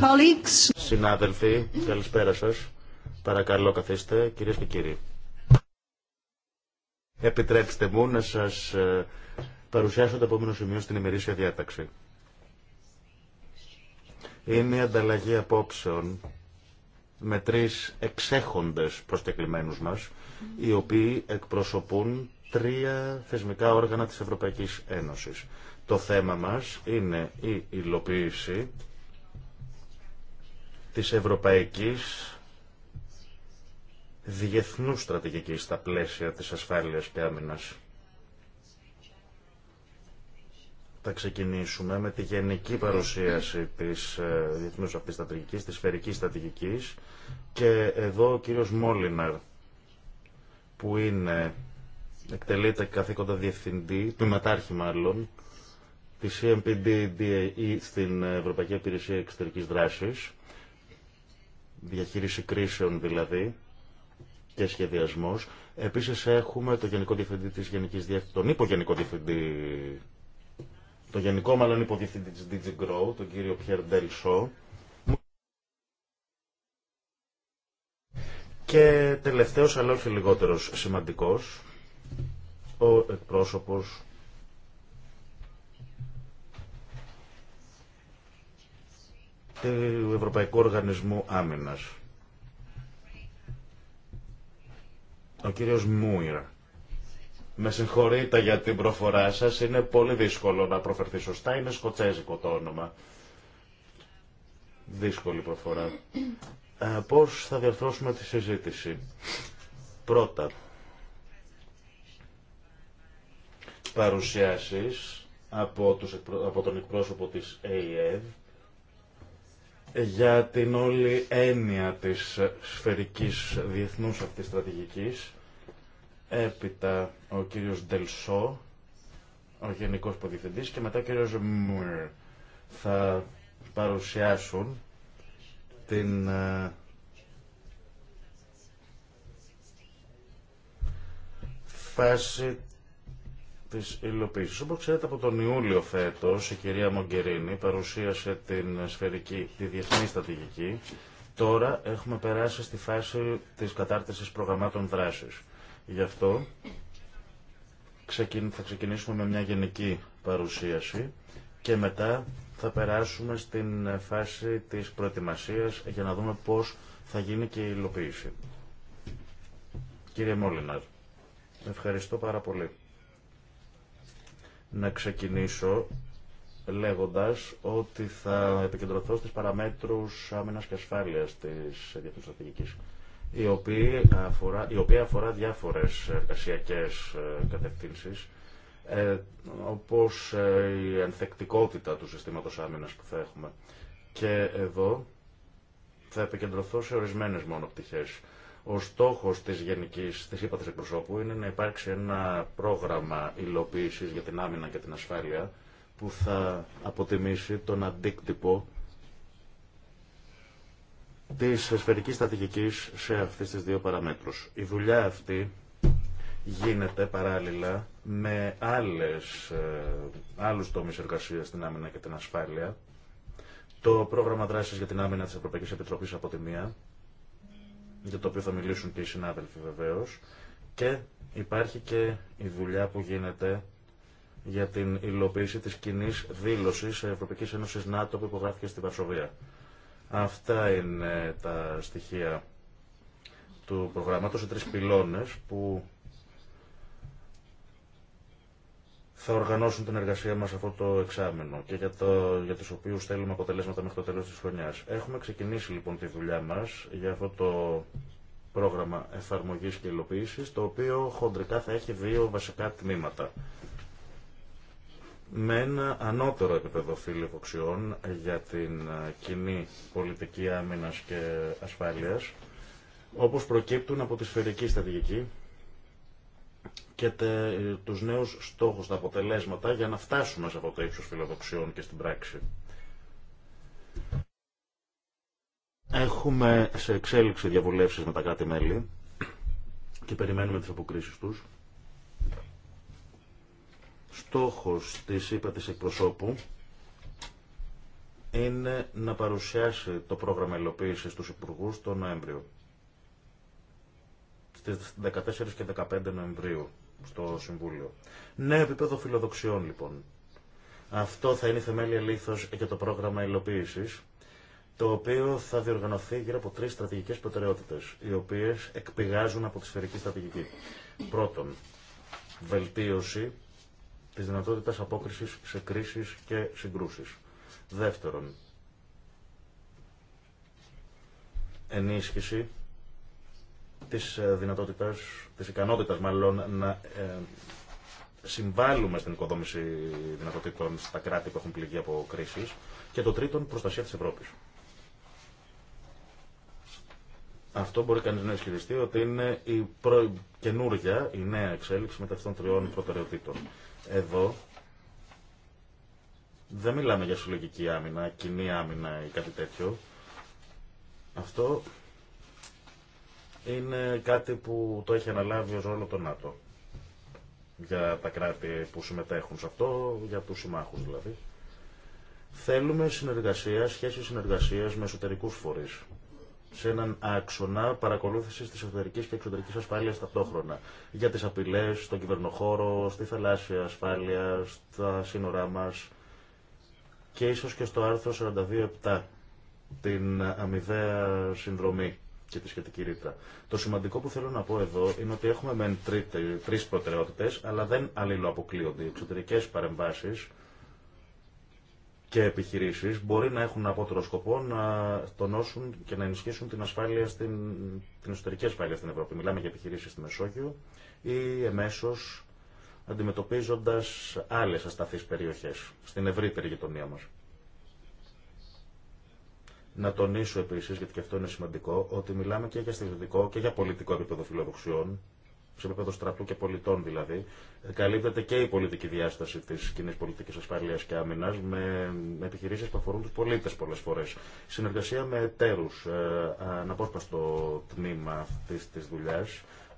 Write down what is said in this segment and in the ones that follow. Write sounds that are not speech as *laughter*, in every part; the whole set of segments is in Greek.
colleagues. Συνάδελφοι, καλησπέρα σας. Παρακαλώ καθίστε, κύριε και κύριοι. Επιτρέψτε μου να σας ε, παρουσιάσω το επόμενο σημείο στην ημερήσια διάταξη. Είναι η ανταλλαγή απόψεων με τρεις εξέχοντες προσκεκλημένους μας, οι οποίοι εκπροσωπούν τρία θεσμικά όργανα της Ευρωπαϊκής Ένωσης. Το θέμα μας είναι η υλοποίηση της Ευρωπαϊκής Διεθνού Στρατηγικής στα πλαίσια της ασφάλειας και άμυνας. Θα ξεκινήσουμε με τη γενική παρουσίαση της ε, διεθνούς αυτής στρατηγικής, της σφαιρικής στρατηγικής και εδώ ο κύριος Μόλιναρ που είναι, εκτελείται καθήκοντα διευθυντή, Μετάρχη μάλλον, της CMPD DAE στην Ευρωπαϊκή Υπηρεσία Εξωτερικής Δράσης διαχείριση κρίσεων δηλαδή και σχεδιασμός. Επίσης έχουμε το Γενικό Διευθυντή της Γενικής Διεύθυνσης, τον Υπογενικό Διευθυντή, το Γενικό μάλλον Υποδιευθυντή της DigiGrow, τον κύριο Πιέρ Ντελσό. Και τελευταίος αλλά όχι λιγότερος σημαντικός, ο εκπρόσωπος του Ευρωπαϊκού Οργανισμού Άμυνας. Ο κύριος Μούιρα. Με συγχωρείτε για την προφορά σας, είναι πολύ δύσκολο να προφερθεί σωστά, είναι σκοτσέζικο το όνομα. Δύσκολη προφορά. Ε, πώς θα διαρθρώσουμε τη συζήτηση. Πρώτα, παρουσιάσεις από, από τον εκπρόσωπο της ΑΕΔ για την όλη έννοια της σφαιρικής διεθνούς αυτής στρατηγικής. Έπειτα ο κύριος Ντελσό, ο Γενικός Ποδιευθυντής και μετά ο κύριος Μουρ θα παρουσιάσουν την ε, φάση της υλοποίησης. Όπως ξέρετε από τον Ιούλιο φέτος η κυρία Μογκερίνη παρουσίασε την σφαιρική, τη διεθνή στατηγική. Τώρα έχουμε περάσει στη φάση της κατάρτισης προγραμμάτων δράσης. Γι' αυτό θα ξεκινήσουμε με μια γενική παρουσίαση και μετά θα περάσουμε στην φάση της προετοιμασίας για να δούμε πώς θα γίνει και η υλοποίηση. Κύριε Μόλιναρ, ευχαριστώ πάρα πολύ να ξεκινήσω λέγοντας ότι θα επικεντρωθώ στις παραμέτρους άμυνας και ασφάλειας της διεθνούς στρατηγικής, η οποία αφορά, η οποία αφορά διάφορες εργασιακές ε, κατευθύνσεις, ε, όπως ε, η ανθεκτικότητα του συστήματος άμυνας που θα έχουμε. Και εδώ θα επικεντρωθώ σε ορισμένες μόνο ο στόχος της γενικής, της τη εκπροσώπου είναι να υπάρξει ένα πρόγραμμα υλοποίησης για την άμυνα και την ασφάλεια που θα αποτιμήσει τον αντίκτυπο της σφαιρικής στρατηγικής σε αυτές τις δύο παραμέτρους. Η δουλειά αυτή γίνεται παράλληλα με άλλες, ε, άλλους τομείς εργασίας στην άμυνα και την ασφάλεια. Το πρόγραμμα δράσης για την άμυνα της Ευρωπαϊκής Επιτροπής από τη μία, για το οποίο θα μιλήσουν και οι συνάδελφοι βεβαίω. και υπάρχει και η δουλειά που γίνεται για την υλοποίηση της κοινή δήλωσης ευρωπαϊκή Ένωση ΝΑΤΟ που υπογράφηκε στη Βαρσοβία. Αυτά είναι τα στοιχεία του προγράμματος, σε τρεις πυλώνες που θα οργανώσουν την εργασία μας αυτό το εξάμενο και για, το, για τους οποίους θέλουμε αποτελέσματα μέχρι το τέλος της χρονιάς. Έχουμε ξεκινήσει λοιπόν τη δουλειά μας για αυτό το πρόγραμμα εφαρμογής και υλοποίησης, το οποίο χοντρικά θα έχει δύο βασικά τμήματα. Με ένα ανώτερο επίπεδο φιλοδοξιών για την ε, κοινή πολιτική άμυνας και ασφάλειας, όπως προκύπτουν από τη σφαιρική στρατηγική και ε, τους νέους στόχους, τα αποτελέσματα για να φτάσουμε σε αυτό το ύψος φιλοδοξιών και στην πράξη. Έχουμε σε εξέλιξη διαβουλεύσεις με τα κράτη-μέλη και περιμένουμε τις αποκρίσεις τους. Στόχος της είπα της εκπροσώπου είναι να παρουσιάσει το πρόγραμμα υλοποίησης στους υπουργούς τον Νοέμβριο στις 14 και 15 Νοεμβρίου στο Συμβούλιο. Νέο επίπεδο φιλοδοξιών λοιπόν. Αυτό θα είναι η θεμέλια λήθος για το πρόγραμμα υλοποίησης, το οποίο θα διοργανωθεί γύρω από τρεις στρατηγικές προτεραιότητες, οι οποίες εκπηγάζουν από τη σφαιρική στρατηγική. Πρώτον, βελτίωση της δυνατότητας απόκρισης σε κρίσεις και συγκρούσεις. Δεύτερον, ενίσχυση Τη ε, δυνατότητας, της ικανότητας μάλλον, να ε, συμβάλλουμε στην οικοδόμηση δυνατοτήτων στα κράτη που έχουν πληγεί από κρίσεις και το τρίτον, προστασία της Ευρώπης. Αυτό μπορεί κανείς να ισχυριστεί ότι είναι η προ... καινούργια, η νέα εξέλιξη μεταξύ των τριών προτεραιοτήτων. Εδώ δεν μιλάμε για συλλογική άμυνα, κοινή άμυνα ή κάτι τέτοιο. Αυτό είναι κάτι που το έχει αναλάβει ως όλο το ΝΑΤΟ για τα κράτη που συμμετέχουν σε αυτό, για τους συμμάχους δηλαδή. Θέλουμε συνεργασία, σχέση συνεργασίας με εσωτερικούς φορείς σε έναν άξονα παρακολούθηση τη εσωτερική και εξωτερική ασφάλεια ταυτόχρονα. Για τι απειλέ, στον κυβερνοχώρο, στη θαλάσσια ασφάλεια, στα σύνορά μα και ίσω και στο άρθρο 42.7, την αμοιβαία συνδρομή και τη σχετική ρήτρα. Το σημαντικό που θέλω να πω εδώ είναι ότι έχουμε μεν τρει προτεραιότητε, αλλά δεν αλληλοαποκλείονται. Οι εξωτερικέ παρεμβάσει και επιχειρήσεις μπορεί να έχουν απότερο σκοπό να τονώσουν και να ενισχύσουν την ασφάλεια στην, την εσωτερική ασφάλεια στην Ευρώπη. Μιλάμε για επιχειρήσει στη Μεσόγειο ή εμέσως αντιμετωπίζοντα άλλε ασταθεί περιοχέ στην ευρύτερη γειτονία μα. Να τονίσω επίση, γιατί και αυτό είναι σημαντικό, ότι μιλάμε και για στρατιωτικό και για πολιτικό επίπεδο φιλοδοξιών, σε επίπεδο στρατού και πολιτών δηλαδή. Καλύπτεται και η πολιτική διάσταση τη κοινή πολιτική ασφαλεία και άμυνα με επιχειρήσει που αφορούν του πολίτε πολλέ φορέ. Συνεργασία με εταίρου, ε, αναπόσπαστο τμήμα αυτή τη δουλειά.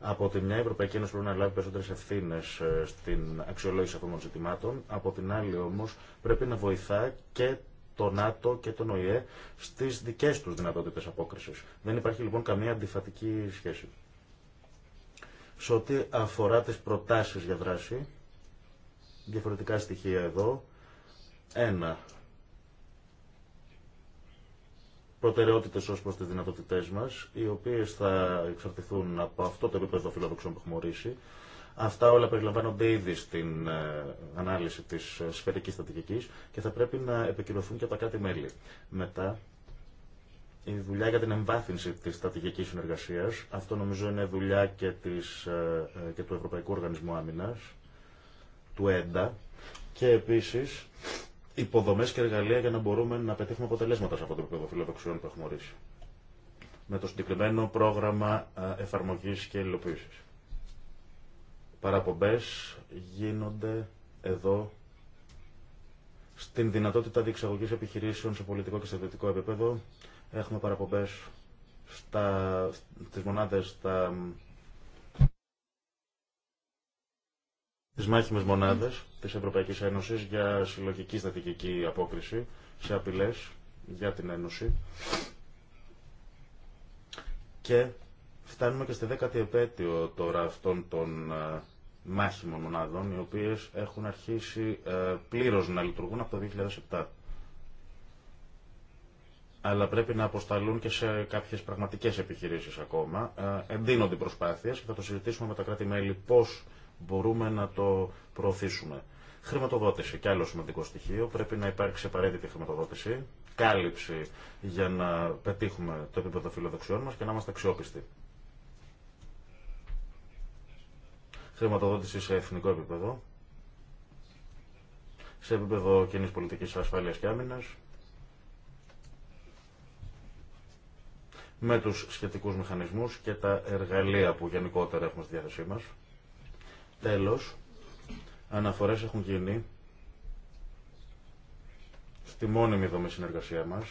Από τη μια, η Ευρωπαϊκή Ένωση πρέπει να λάβει περισσότερε ευθύνε ε, στην αξιολόγηση αυτών των ζητημάτων. Από την άλλη, όμω, πρέπει να βοηθά και το ΝΑΤΟ και τον ΟΗΕ στις δικέ του δυνατότητε απόκριση. Δεν υπάρχει λοιπόν καμία αντιφατική σχέση. Σε ό,τι αφορά τις προτάσεις για δράση, διαφορετικά στοιχεία εδώ, ένα, προτεραιότητες ω προ τις δυνατότητές μας, οι οποίες θα εξαρτηθούν από αυτό το επίπεδο φιλοδοξών που έχουμε ορίσει, Αυτά όλα περιλαμβάνονται ήδη στην ε, ανάλυση της ε, σφαιρικής στατικικής και θα πρέπει να επικοινωθούν και τα κράτη-μέλη. Μετά, η δουλειά για την εμβάθυνση της στρατηγικής συνεργασίας, αυτό νομίζω είναι δουλειά και, της, ε, και του Ευρωπαϊκού Οργανισμού Άμυνας, του ΕΝΤΑ, και επίσης υποδομές και εργαλεία για να μπορούμε να πετύχουμε αποτελέσματα σε αυτό το επίπεδο φιλοδοξιών που έχουμε ορίσει. Με το συγκεκριμένο πρόγραμμα εφαρμογής και υλοποίησης παραπομπές γίνονται εδώ στην δυνατότητα διεξαγωγής επιχειρήσεων σε πολιτικό και στρατιωτικό επίπεδο. Έχουμε παραπομπές στα, στις μονάδες, στα, τις μάχημες μονάδες της Ευρωπαϊκής Ένωσης για συλλογική στατικική απόκριση σε απειλές για την Ένωση. Και φτάνουμε και στη δέκατη επέτειο τώρα αυτών των ε, μάχημων μονάδων, οι οποίες έχουν αρχίσει ε, πλήρως να λειτουργούν από το 2007. Αλλά πρέπει να αποσταλούν και σε κάποιες πραγματικές επιχειρήσεις ακόμα. Ε, εντείνονται προσπάθειες και θα το συζητήσουμε με τα κράτη-μέλη πώς μπορούμε να το προωθήσουμε. Χρηματοδότηση και άλλο σημαντικό στοιχείο. Πρέπει να υπάρξει απαραίτητη χρηματοδότηση, κάλυψη για να πετύχουμε το επίπεδο φιλοδοξιών μας και να είμαστε αξιόπιστοι. χρηματοδότηση σε εθνικό επίπεδο, σε επίπεδο κοινή πολιτική ασφάλεια και άμυνα, με του σχετικού μηχανισμού και τα εργαλεία που γενικότερα έχουμε στη διάθεσή μα. Τέλο, αναφορέ έχουν γίνει στη μόνιμη δομή συνεργασία μας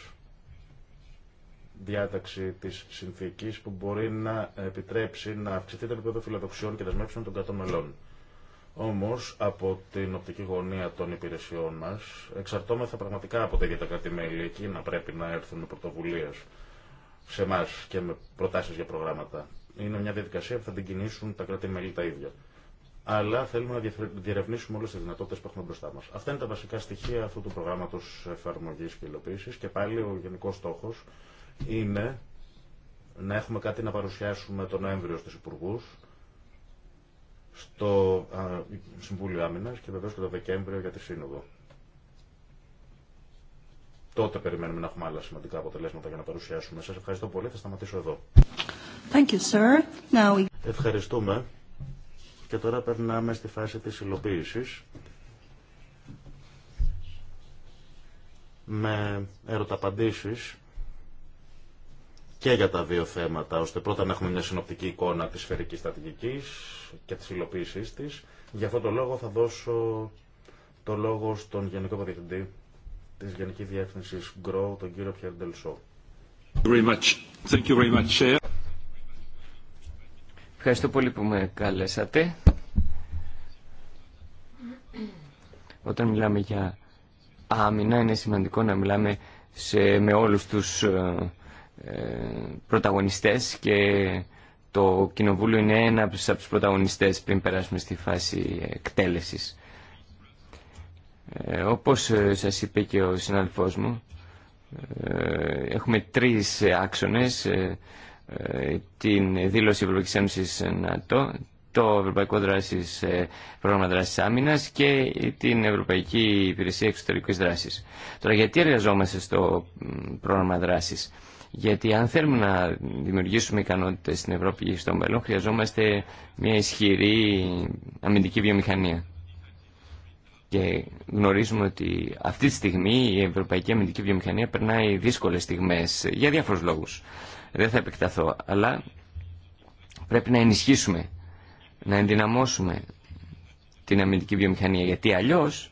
διάταξη τη συνθήκη που μπορεί να επιτρέψει να αυξηθεί το επίπεδο φιλοδοξιών και δεσμεύσεων των κρατών μελών. Όμω, από την οπτική γωνία των υπηρεσιών μα, εξαρτώμεθα πραγματικά από τα ίδια τα κρατη Εκεί να πρέπει να έρθουν με πρωτοβουλίε σε εμά και με προτάσει για προγράμματα. Είναι μια διαδικασία που θα την κινήσουν τα κρατη τα ίδια. Αλλά θέλουμε να διερευνήσουμε όλε τι δυνατότητε που έχουμε μπροστά μα. Αυτά είναι τα βασικά στοιχεία αυτού του προγράμματο εφαρμογή και υλοποίηση. Και πάλι ο γενικό στόχο είναι να έχουμε κάτι να παρουσιάσουμε τον Νοέμβριο στους υπουργού στο Συμβούλιο Άμυνας και βεβαίως και το Δεκέμβριο για τη Σύνοδο. Τότε περιμένουμε να έχουμε άλλα σημαντικά αποτελέσματα για να παρουσιάσουμε. Σας ευχαριστώ πολύ. Θα σταματήσω εδώ. Thank you, sir. Ευχαριστούμε. Και τώρα περνάμε στη φάση της υλοποίηση. Με ερωταπαντήσεις και για τα δύο θέματα, ώστε πρώτα να έχουμε μια συνοπτική εικόνα της σφαιρικής στρατηγικής και της υλοποίησής της. Για αυτό το λόγο θα δώσω το λόγο στον Γενικό Διευθυντή της Γενικής Διεύθυνσης Grow, τον κύριο Πιερντελσό. Ευχαριστώ πολύ που με καλέσατε. Όταν μιλάμε για άμυνα είναι σημαντικό να μιλάμε σε, με όλους τους ε, ε, πρωταγωνιστές και το Κοινοβούλιο είναι ένα από τους πρωταγωνιστές πριν περάσουμε στη φάση εκτέλεσης. Ε, όπως ε, σας είπε και ο συναλφός μου, ε, έχουμε τρεις άξονες, την δήλωση Ευρωπαϊκής Ένωσης ΝΑΤΟ, το Ευρωπαϊκό Δράσης, Πρόγραμμα Δράσης Άμυνας και την Ευρωπαϊκή Υπηρεσία Εξωτερικής Δράσης. Τώρα γιατί εργαζόμαστε στο Πρόγραμμα Δράσης. Γιατί αν θέλουμε να δημιουργήσουμε ικανότητες στην Ευρώπη και στο μέλλον, χρειαζόμαστε μια ισχυρή αμυντική βιομηχανία. Και γνωρίζουμε ότι αυτή τη στιγμή η Ευρωπαϊκή Αμυντική Βιομηχανία περνάει δύσκολες στιγμές για διάφορους λόγους. Δεν θα επεκταθώ, αλλά πρέπει να ενισχύσουμε, να ενδυναμώσουμε την αμυντική βιομηχανία, γιατί αλλιώς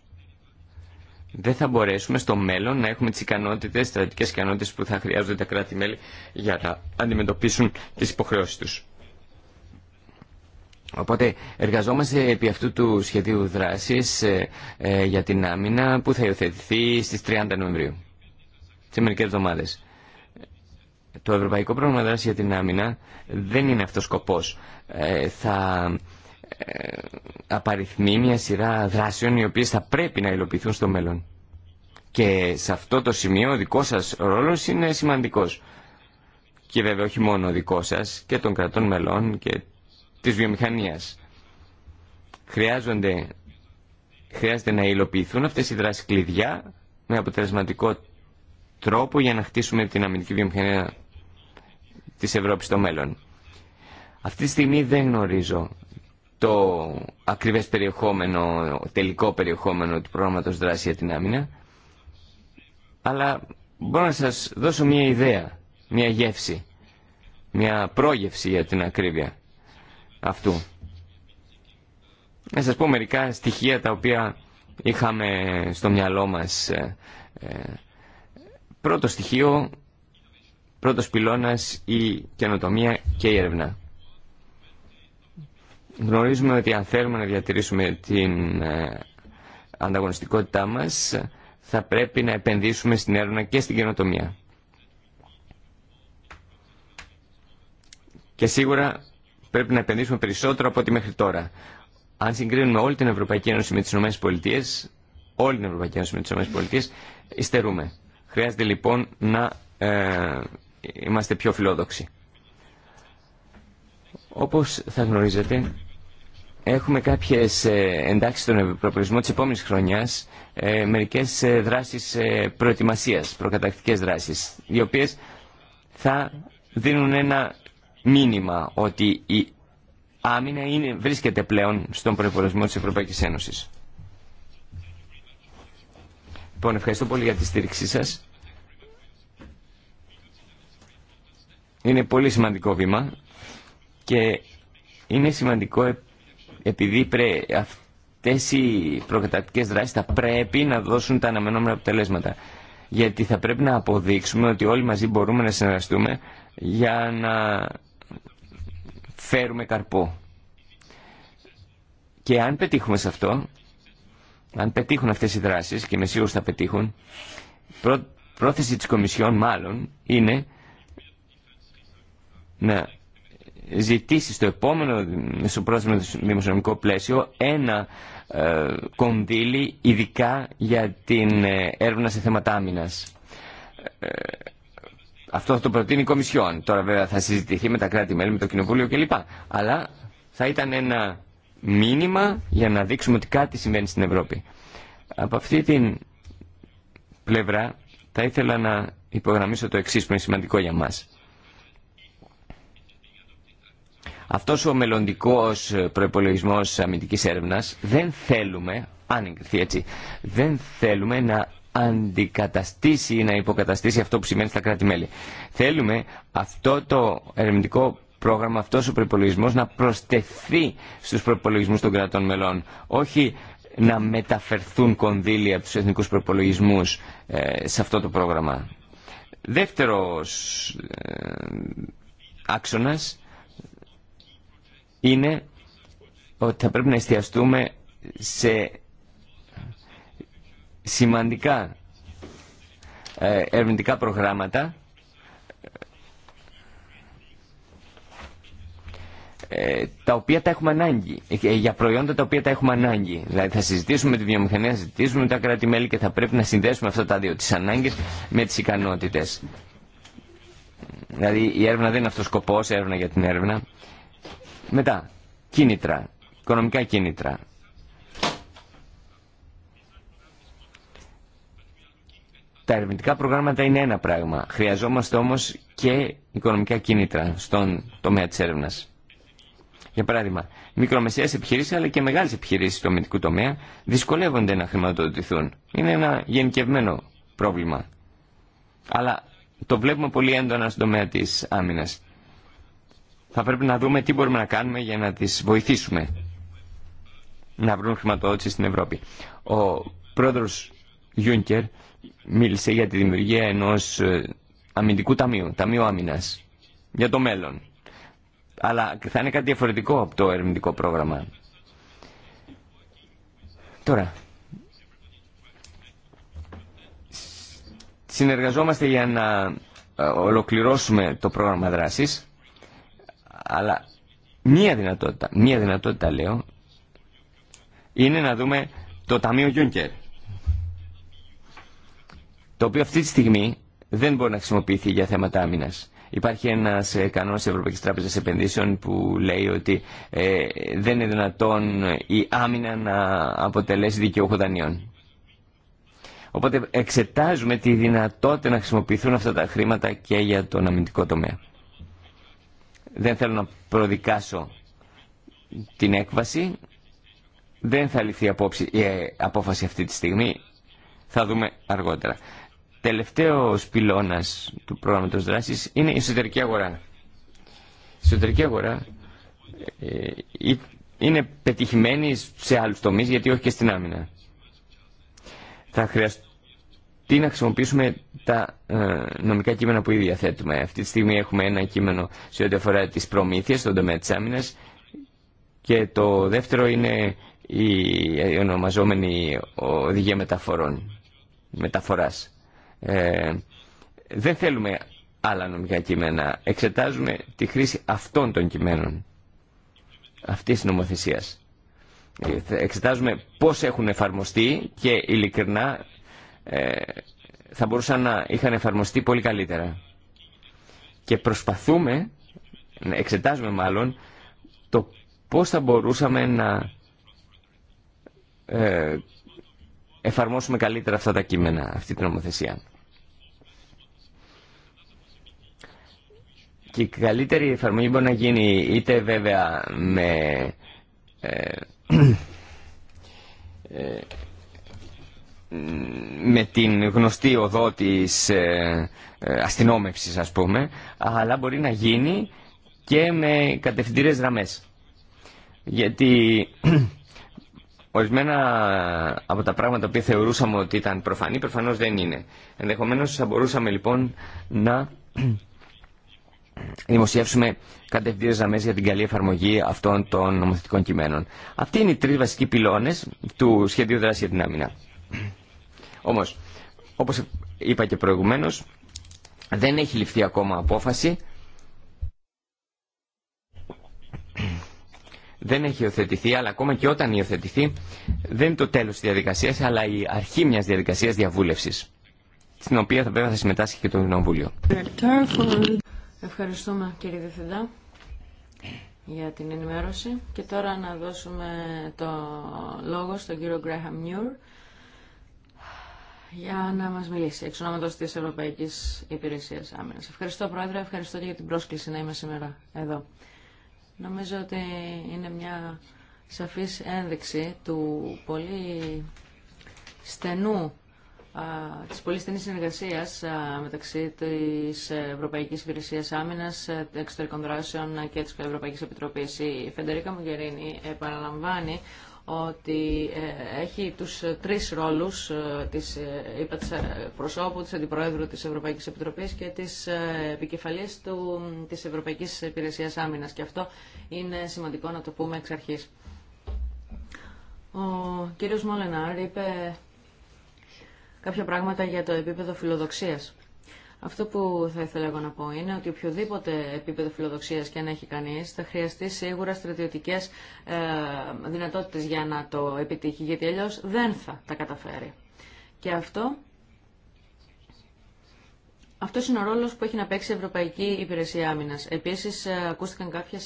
δεν θα μπορέσουμε στο μέλλον να έχουμε τις ικανότητες, στρατικές ικανότητες που θα χρειάζονται τα κράτη-μέλη για να αντιμετωπίσουν τις υποχρεώσεις τους. Οπότε εργαζόμαστε επί αυτού του σχεδίου δράσης ε, ε, για την άμυνα που θα υιοθετηθεί στις 30 Νοεμβρίου, σε μερικές εβδομάδες. Το Ευρωπαϊκό Πρόγραμμα Δράσης για την Άμυνα δεν είναι αυτός σκοπός. Ε, θα απαριθμεί μια σειρά δράσεων οι οποίες θα πρέπει να υλοποιηθούν στο μέλλον. Και σε αυτό το σημείο ο δικός σας ρόλος είναι σημαντικός. Και βέβαια όχι μόνο ο δικός σας και των κρατών μελών και της βιομηχανίας. Χρειάζονται, χρειάζεται να υλοποιηθούν αυτές οι δράσεις κλειδιά με αποτελεσματικό τρόπο για να χτίσουμε την αμυντική βιομηχανία της Ευρώπης στο μέλλον. Αυτή τη στιγμή δεν γνωρίζω το ακριβές περιεχόμενο, τελικό περιεχόμενο του πρόγραμματος δράση για την άμυνα, αλλά μπορώ να σας δώσω μια ιδέα, μια γεύση, μια πρόγευση για την ακρίβεια αυτού. Να σας πω μερικά στοιχεία τα οποία είχαμε στο μυαλό μας. Ε, ε, πρώτο στοιχείο, πρώτος πυλώνας η καινοτομία και η έρευνα. Γνωρίζουμε ότι αν θέλουμε να διατηρήσουμε την ε, ανταγωνιστικότητά μας, θα πρέπει να επενδύσουμε στην έρευνα και στην καινοτομία. Και σίγουρα πρέπει να επενδύσουμε περισσότερο από ό,τι μέχρι τώρα. Αν συγκρίνουμε όλη την Ευρωπαϊκή Ένωση με τις ΗΠΑ, όλη την Ευρωπαϊκή Ένωση με τις ΗΠΑ, ειστερούμε. Χρειάζεται λοιπόν να ε, είμαστε πιο φιλόδοξοι. Όπως θα γνωρίζετε, έχουμε κάποιες ε, εντάξεις στον προπολογισμό της επόμενης χρονιάς, ε, μερικές ε, δράσεις προετοιμασίας, προκατακτικές δράσεις, οι οποίες θα δίνουν ένα μήνυμα ότι η άμυνα είναι, βρίσκεται πλέον στον προπολισμό της Ευρωπαϊκής Ένωσης. Λοιπόν, ευχαριστώ πολύ για τη στήριξή σας. Είναι πολύ σημαντικό βήμα και είναι σημαντικό ε, επειδή πρέ, αυτές οι προκατακτικές δράσεις θα πρέπει να δώσουν τα αναμενόμενα αποτελέσματα. Γιατί θα πρέπει να αποδείξουμε ότι όλοι μαζί μπορούμε να συνεργαστούμε για να φέρουμε καρπό. Και αν πετύχουμε σε αυτό, αν πετύχουν αυτές οι δράσεις και με σίγουρος θα πετύχουν, πρόθεση της Κομισιόν μάλλον είναι να ζητήσει στο επόμενο μεσοπρόθεσμο δημοσιονομικό πλαίσιο ένα ε, κονδύλι ειδικά για την ε, έρευνα σε θέματα άμυνας. Ε, αυτό θα το προτείνει η Κομισιόν. Τώρα βέβαια θα συζητηθεί με τα κράτη-μέλη, με το Κοινοβούλιο κλπ. Αλλά θα ήταν ένα μήνυμα για να δείξουμε ότι κάτι συμβαίνει στην Ευρώπη. Από αυτή την πλευρά θα ήθελα να υπογραμμίσω το εξή που είναι σημαντικό για μας. Αυτός ο μελλοντικός ε, προϋπολογισμός αμυντικής έρευνας δεν θέλουμε, αν έτσι, δεν θέλουμε να αντικαταστήσει ή να υποκαταστήσει αυτό που σημαίνει στα κράτη-μέλη. Θέλουμε αυτό το ερευνητικό πρόγραμμα, αυτός ο προπολογισμό να προστεθεί στους προπολογισμού των κρατών μελών, όχι να μεταφερθούν κονδύλια από τους εθνικούς προπολογισμού ε, σε αυτό το πρόγραμμα. Δεύτερος ε, άξονας είναι ότι θα πρέπει να εστιαστούμε σε σημαντικά ε, ερευνητικά προγράμματα ε, τα οποία τα έχουμε ανάγκη, ε, για προϊόντα τα οποία τα έχουμε ανάγκη. Δηλαδή θα συζητήσουμε με τη βιομηχανία, θα συζητήσουμε με τα κράτη-μέλη και θα πρέπει να συνδέσουμε αυτά τα δύο, τις ανάγκες με τις ικανότητες. Δηλαδή η έρευνα δεν είναι αυτός ο σκοπός, έρευνα για την έρευνα. Μετά, κίνητρα, οικονομικά κίνητρα. Τα ερευνητικά προγράμματα είναι ένα πράγμα. Χρειαζόμαστε όμως και οικονομικά κίνητρα στον τομέα της έρευνας. Για παράδειγμα, μικρομεσαίες επιχειρήσεις αλλά και μεγάλες επιχειρήσεις του αμυντικού τομέα δυσκολεύονται να χρηματοδοτηθούν. Είναι ένα γενικευμένο πρόβλημα. Αλλά το βλέπουμε πολύ έντονα στον τομέα της άμυνας θα πρέπει να δούμε τι μπορούμε να κάνουμε για να τις βοηθήσουμε να βρουν χρηματοδότηση στην Ευρώπη. Ο πρόεδρος Γιούνκερ μίλησε για τη δημιουργία ενός ε, αμυντικού ταμείου, ταμείου άμυνας, για το μέλλον. Αλλά θα είναι κάτι διαφορετικό από το ερευνητικό πρόγραμμα. Τώρα, συνεργαζόμαστε για να ε, ολοκληρώσουμε το πρόγραμμα δράσης αλλά μία δυνατότητα, μία δυνατότητα λέω, είναι να δούμε το Ταμείο Γιούνκερ. Το οποίο αυτή τη στιγμή δεν μπορεί να χρησιμοποιηθεί για θέματα άμυνας. Υπάρχει ένα ε, κανόνα τη Ευρωπαϊκή Τράπεζα Επενδύσεων που λέει ότι ε, δεν είναι δυνατόν η άμυνα να αποτελέσει δικαιούχο δανείων. Οπότε εξετάζουμε τη δυνατότητα να χρησιμοποιηθούν αυτά τα χρήματα και για τον αμυντικό τομέα. Δεν θέλω να προδικάσω την έκβαση. Δεν θα ληφθεί η ε, απόφαση αυτή τη στιγμή. Θα δούμε αργότερα. Τελευταίος πυλώνας του πρόγραμματος δράσης είναι η εσωτερική αγορά. Η εσωτερική αγορά ε, ε, είναι πετυχημένη σε άλλους τομείς, γιατί όχι και στην άμυνα. Θα χρειαστούν τι να χρησιμοποιήσουμε τα ε, νομικά κείμενα που ήδη διαθέτουμε. Αυτή τη στιγμή έχουμε ένα κείμενο σε ό,τι αφορά τις προμήθειες στον τομέα της άμυνας και το δεύτερο είναι η, η ονομαζόμενη οδηγία μεταφορών, μεταφοράς. Ε, δεν θέλουμε άλλα νομικά κείμενα. Εξετάζουμε τη χρήση αυτών των κειμένων, αυτής της νομοθεσίας. Ε, εξετάζουμε πώς έχουν εφαρμοστεί και ειλικρινά ε, θα μπορούσαν να είχαν εφαρμοστεί πολύ καλύτερα. Και προσπαθούμε, εξετάζουμε μάλλον, το πώς θα μπορούσαμε να ε, εφαρμόσουμε καλύτερα αυτά τα κείμενα, αυτή την νομοθεσία. Και η καλύτερη εφαρμογή μπορεί να γίνει είτε βέβαια με... Ε, *clears throat* με την γνωστή οδό της ε, ε, αστυνόμευσης ας πούμε αλλά μπορεί να γίνει και με κατευθυντήρες γραμμές γιατί *clears throat* ορισμένα από τα πράγματα που θεωρούσαμε ότι ήταν προφανή προφανώς δεν είναι ενδεχομένως θα μπορούσαμε λοιπόν να *clears throat* δημοσιεύσουμε κατευθυντήρες γραμμέ για την καλή εφαρμογή αυτών των νομοθετικών κειμένων. Αυτοί είναι οι τρει βασικοί πυλώνες του σχεδίου δράση για την άμυνα. *clears throat* Όμως, όπως είπα και προηγουμένως, δεν έχει ληφθεί ακόμα απόφαση. Δεν έχει υιοθετηθεί, αλλά ακόμα και όταν υιοθετηθεί, δεν είναι το τέλος της διαδικασίας, αλλά η αρχή μιας διαδικασίας διαβούλευσης, στην οποία θα βέβαια θα συμμετάσχει και το Κοινοβούλιο. Ευχαριστούμε κύριε Διευθυντά για την ενημέρωση και τώρα να δώσουμε το λόγο στον κύριο Γκρέχαμ για να μας μιλήσει εξ ονόματος της Ευρωπαϊκής Υπηρεσίας Άμυνας. Ευχαριστώ Πρόεδρε, ευχαριστώ και για την πρόσκληση να είμαι σήμερα εδώ. Νομίζω ότι είναι μια σαφής ένδειξη του πολύ στενού της πολύ στενής συνεργασίας μεταξύ της Ευρωπαϊκής Υπηρεσίας Άμυνας, ε, Εξωτερικών Δράσεων και της Ευρωπαϊκής Επιτροπής. Η Φεντερίκα Μουγερίνη επαναλαμβάνει ότι ε, έχει τους τρεις ρόλους ε, της, ε, είπα, προσώπου, της Αντιπροέδρου της Ευρωπαϊκής Επιτροπής και της επικεφαλής του, της Ευρωπαϊκής Υπηρεσίας Άμυνας και αυτό είναι σημαντικό να το πούμε εξ αρχής. Ο κύριος Μολενάρ είπε κάποια πράγματα για το επίπεδο φιλοδοξίας. Αυτό που θα ήθελα εγώ να πω είναι ότι οποιοδήποτε επίπεδο φιλοδοξίας και αν έχει κανείς θα χρειαστεί σίγουρα στρατιωτικές ε, δυνατότητες για να το επιτύχει γιατί αλλιώς δεν θα τα καταφέρει. Και αυτό αυτό είναι ο ρόλο που έχει να παίξει η Ευρωπαϊκή Υπηρεσία Άμυνα. Επίση, ε, ακούστηκαν κάποιε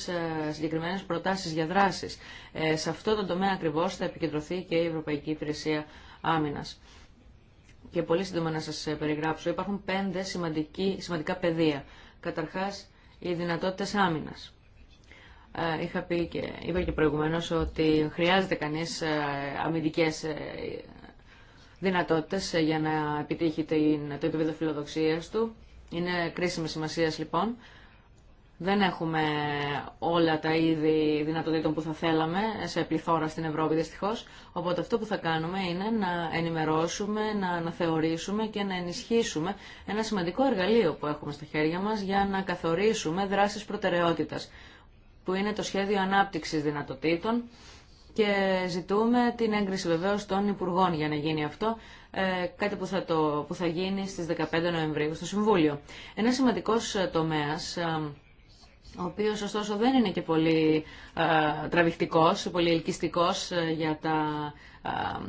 συγκεκριμένε προτάσει για δράσει. Ε, σε αυτό το τομέα ακριβώ θα επικεντρωθεί και η Ευρωπαϊκή Υπηρεσία Άμυνα και πολύ σύντομα να σας ε, περιγράψω, υπάρχουν πέντε σημαντικά πεδία. Καταρχάς, οι δυνατότητες άμυνας. Ε, είχα πει και, είπα και προηγουμένως ότι χρειάζεται κανείς ε, αμυντικές δυνατότητες για να επιτύχει το επίπεδο φιλοδοξίας του. Είναι κρίσιμη σημασία λοιπόν δεν έχουμε όλα τα είδη δυνατοτήτων που θα θέλαμε σε πληθώρα στην Ευρώπη δυστυχώ, Οπότε αυτό που θα κάνουμε είναι να ενημερώσουμε, να αναθεωρήσουμε και να ενισχύσουμε ένα σημαντικό εργαλείο που έχουμε στα χέρια μα για να καθορίσουμε δράσει προτεραιότητα, που είναι το σχέδιο ανάπτυξη δυνατοτήτων και ζητούμε την έγκριση βεβαίω των Υπουργών για να γίνει αυτό, ε, κάτι που θα, το, θα γίνει στις 15 Νοεμβρίου στο Συμβούλιο. Ένα σημαντικός τομέας ε, ο οποίο, ωστόσο δεν είναι και πολύ ε, τραβηχτικός, πολύ ελκυστικός ε, για τα ε,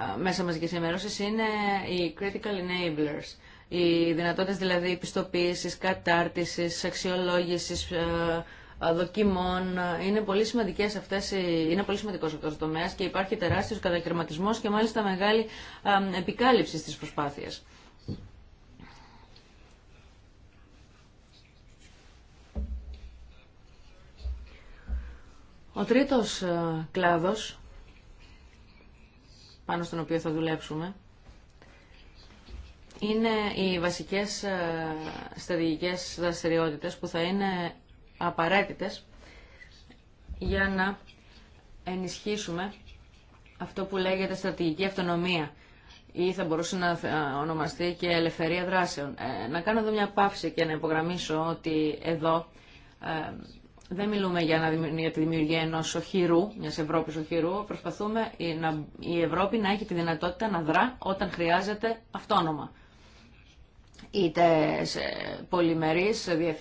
ε, μέσα μαζική ενημέρωση είναι οι critical enablers. Οι δυνατότητε δηλαδή κατάρτιση, κατάρτισης, αξιολόγησης, δοκιμών. Είναι πολύ, σημαντικές αυτές, είναι πολύ σημαντικός αυτό το και υπάρχει τεράστιος κατακαιρματισμό και μάλιστα μεγάλη επικάλυψη στις προσπάθειες. Ο τρίτος ε, κλάδος πάνω στον οποίο θα δουλέψουμε είναι οι βασικές ε, στρατηγικές δραστηριότητες που θα είναι απαραίτητες για να ενισχύσουμε αυτό που λέγεται στρατηγική αυτονομία ή θα μπορούσε να ονομαστεί και ελευθερία δράσεων. Ε, να κάνω εδώ μια παύση και να υπογραμμίσω ότι εδώ δεν μιλούμε για, τη δημιουργία ενό οχυρού, μια Ευρώπη οχυρού. Προσπαθούμε η Ευρώπη να έχει τη δυνατότητα να δρά όταν χρειάζεται αυτόνομα. Είτε σε πολυμερείς, σε ε,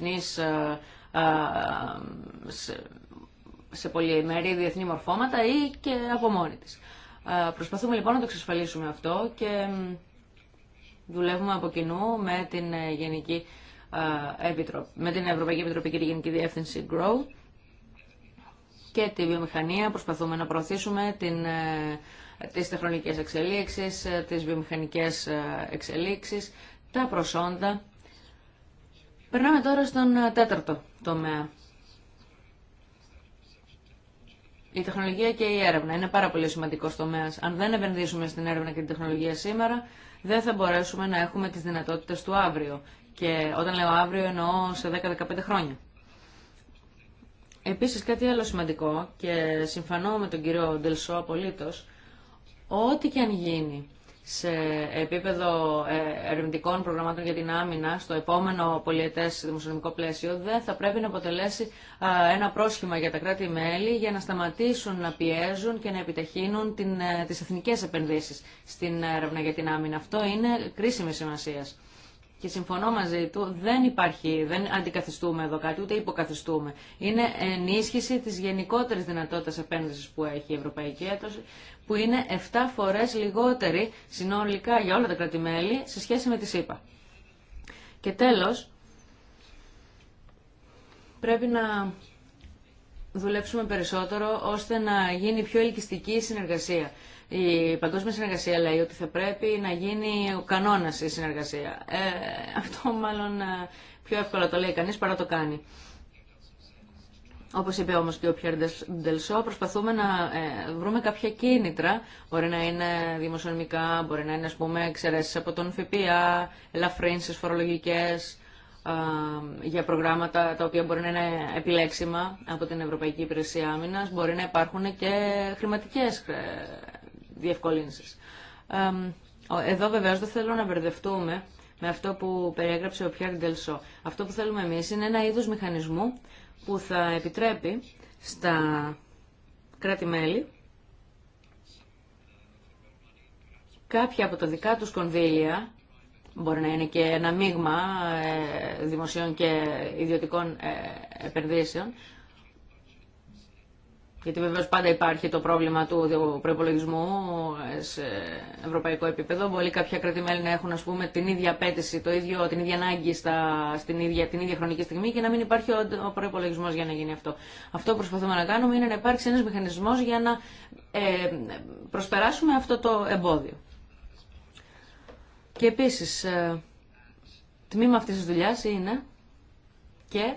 ε, πολυμερή διεθνή μορφώματα ή και από μόνη της. Ε, προσπαθούμε λοιπόν να το εξασφαλίσουμε αυτό και δουλεύουμε από κοινού με την Γενική με την Ευρωπαϊκή Επιτροπή και τη Γενική Διεύθυνση GROW και τη βιομηχανία. Προσπαθούμε να προωθήσουμε την, ε, τις τεχνολογικές εξελίξεις, ε, τις βιομηχανικές ε, εξελίξεις, τα προσόντα. Περνάμε τώρα στον τέταρτο τομέα. Η τεχνολογία και η έρευνα είναι πάρα πολύ σημαντικός τομέας. Αν δεν επενδύσουμε στην έρευνα και την τεχνολογία σήμερα, δεν θα μπορέσουμε να έχουμε τις δυνατότητες του αύριο. Και όταν λέω αύριο εννοώ σε 10-15 χρόνια. Επίσης κάτι άλλο σημαντικό και συμφωνώ με τον κύριο Ντελσό απολύτως, ό,τι και αν γίνει σε επίπεδο ε, ερευνητικών προγραμμάτων για την άμυνα στο επόμενο πολιετές δημοσιονομικό πλαίσιο δεν θα πρέπει να αποτελέσει ένα πρόσχημα για τα κράτη-μέλη για να σταματήσουν να πιέζουν και να επιταχύνουν ε, τις εθνικές επενδύσεις στην έρευνα για την άμυνα. Αυτό είναι κρίσιμη σημασίας και συμφωνώ μαζί του, δεν υπάρχει, δεν αντικαθιστούμε εδώ κάτι, ούτε υποκαθιστούμε. Είναι ενίσχυση της γενικότερης δυνατότητας επένδυσης που έχει η Ευρωπαϊκή Ένωση, που είναι 7 φορές λιγότερη συνολικά για όλα τα κράτη-μέλη σε σχέση με τη ΣΥΠΑ. Και τέλος, πρέπει να δουλέψουμε περισσότερο ώστε να γίνει πιο ελκυστική η συνεργασία. Η παγκόσμια συνεργασία λέει ότι θα πρέπει να γίνει ο κανόνα η συνεργασία. Ε, αυτό μάλλον ε, πιο εύκολα το λέει κανεί παρά το κάνει. Όπω είπε όμω και ο Πιέρ Ντελσό, προσπαθούμε να ε, βρούμε κάποια κίνητρα. Μπορεί να είναι δημοσιονομικά, μπορεί να είναι εξαιρέσει από τον ΦΠΑ, ελαφρύνσει φορολογικέ για προγράμματα τα οποία μπορεί να είναι επιλέξιμα από την Ευρωπαϊκή Υπηρεσία Άμυνα. Μπορεί να υπάρχουν και χρηματικέ διευκολύνσεις. Εδώ βεβαίω δεν θέλω να μπερδευτούμε με αυτό που περιέγραψε ο Πιάκ Ντελσό. Αυτό που θέλουμε εμείς είναι ένα είδος μηχανισμού που θα επιτρέπει στα κράτη-μέλη κάποια από τα δικά τους κονδύλια, μπορεί να είναι και ένα μείγμα ε, δημοσίων και ιδιωτικών ε, επενδύσεων, γιατί βεβαίω πάντα υπάρχει το πρόβλημα του προπολογισμού σε ευρωπαϊκό επίπεδο. Μπορεί κάποια κρατημέλη να έχουν ας πούμε, την ίδια απέτηση, το ίδιο, την ίδια ανάγκη στα, στην ίδια, την ίδια χρονική στιγμή και να μην υπάρχει ο, ο προπολογισμό για να γίνει αυτό. Αυτό που προσπαθούμε να κάνουμε είναι να υπάρξει ένα μηχανισμό για να ε, προσπεράσουμε αυτό το εμπόδιο. Και επίση, ε, τμήμα αυτή τη δουλειά είναι και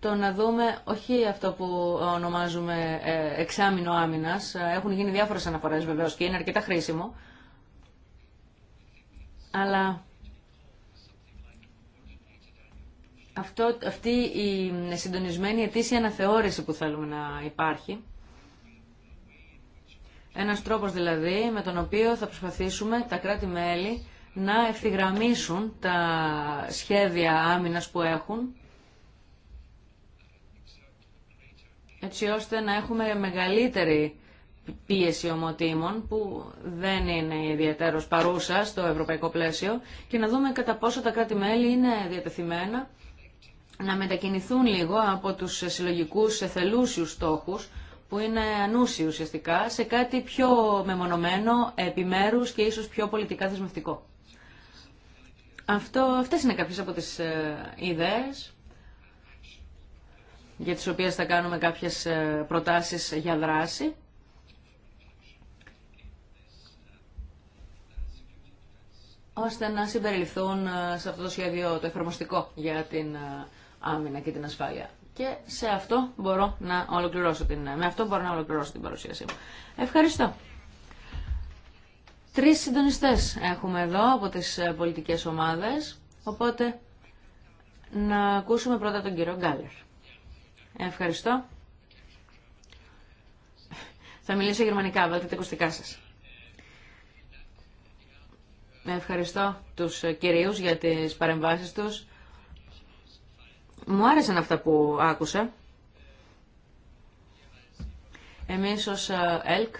το να δούμε όχι αυτό που ονομάζουμε ε, εξάμεινο άμυνας. Ε, έχουν γίνει διάφορες αναφορές βεβαίως και είναι αρκετά χρήσιμο. Αλλά αυτό, αυτή η συντονισμένη αιτήσια αναθεώρηση που θέλουμε να υπάρχει ένας τρόπος δηλαδή με τον οποίο θα προσπαθήσουμε τα κράτη-μέλη να ευθυγραμμίσουν τα σχέδια άμυνας που έχουν έτσι ώστε να έχουμε μεγαλύτερη πίεση ομοτήμων που δεν είναι ιδιαίτερος παρούσα στο ευρωπαϊκό πλαίσιο και να δούμε κατά πόσο τα κράτη-μέλη είναι διατεθειμένα να μετακινηθούν λίγο από τους συλλογικούς εθελούσιους στόχους που είναι ανούσιοι ουσιαστικά σε κάτι πιο μεμονωμένο, επιμέρους και ίσως πιο πολιτικά δεσμευτικό. Αυτό, αυτές είναι κάποιες από τις ε, ιδέες για τις οποίες θα κάνουμε κάποιες ε, προτάσεις για δράση. ώστε να συμπεριληφθούν ε, σε αυτό το σχέδιο το εφαρμοστικό για την ε, άμυνα και την ασφάλεια. Και σε αυτό μπορώ να ολοκληρώσω την, με αυτό μπορώ να ολοκληρώσω την παρουσίασή μου. Ευχαριστώ. Τρεις συντονιστές έχουμε εδώ από τις πολιτικές ομάδες, οπότε να ακούσουμε πρώτα τον κύριο Γκάλερ. Ευχαριστώ. Θα μιλήσω γερμανικά, βάλτε τα ακουστικά σας. Ευχαριστώ τους κυρίους για τις παρεμβάσεις τους. Μου άρεσαν αυτά που άκουσα. Εμείς ως ΕΛΚ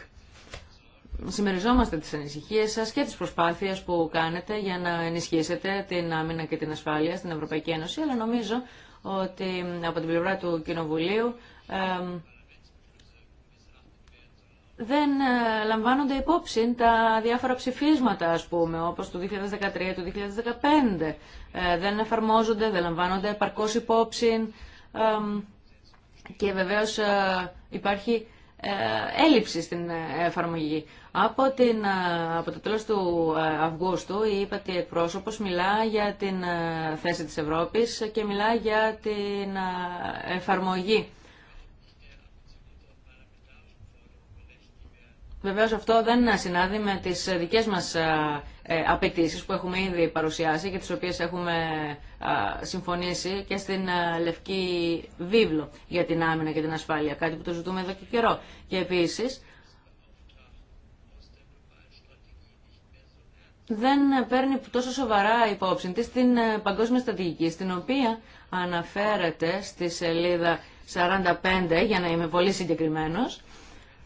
συμμεριζόμαστε τις ανησυχίες σας και τις προσπάθειες που κάνετε για να ενισχύσετε την άμυνα και την ασφάλεια στην Ευρωπαϊκή Ένωση, αλλά νομίζω ότι από την πλευρά του Κοινοβουλίου δεν ε, λαμβάνονται υπόψη τα διάφορα ψηφίσματα, ας πούμε, όπως του 2013, του 2015. Δεν εφαρμόζονται, δεν λαμβάνονται επαρκώς υπόψη και βεβαίως ε, υπάρχει ε, έλλειψη στην ε, εφαρμογή. Από, την, ε, από το τέλος του Αυγούστου είπα ότι εκπρόσωπος μιλά για την θέση της Ευρώπης και μιλά για την εφαρμογή. Βεβαίως αυτό δεν συνάδει με τις δικές μας ε, απαιτήσει που έχουμε ήδη παρουσιάσει και τις οποίες έχουμε συμφωνήσει και στην Λευκή Βίβλο για την άμυνα και την ασφάλεια, κάτι που το ζητούμε εδώ και καιρό. Και επίση, δεν παίρνει τόσο σοβαρά υπόψη της την ε, παγκόσμια στρατηγική, στην οποία αναφέρεται στη σελίδα 45, για να είμαι πολύ συγκεκριμένος,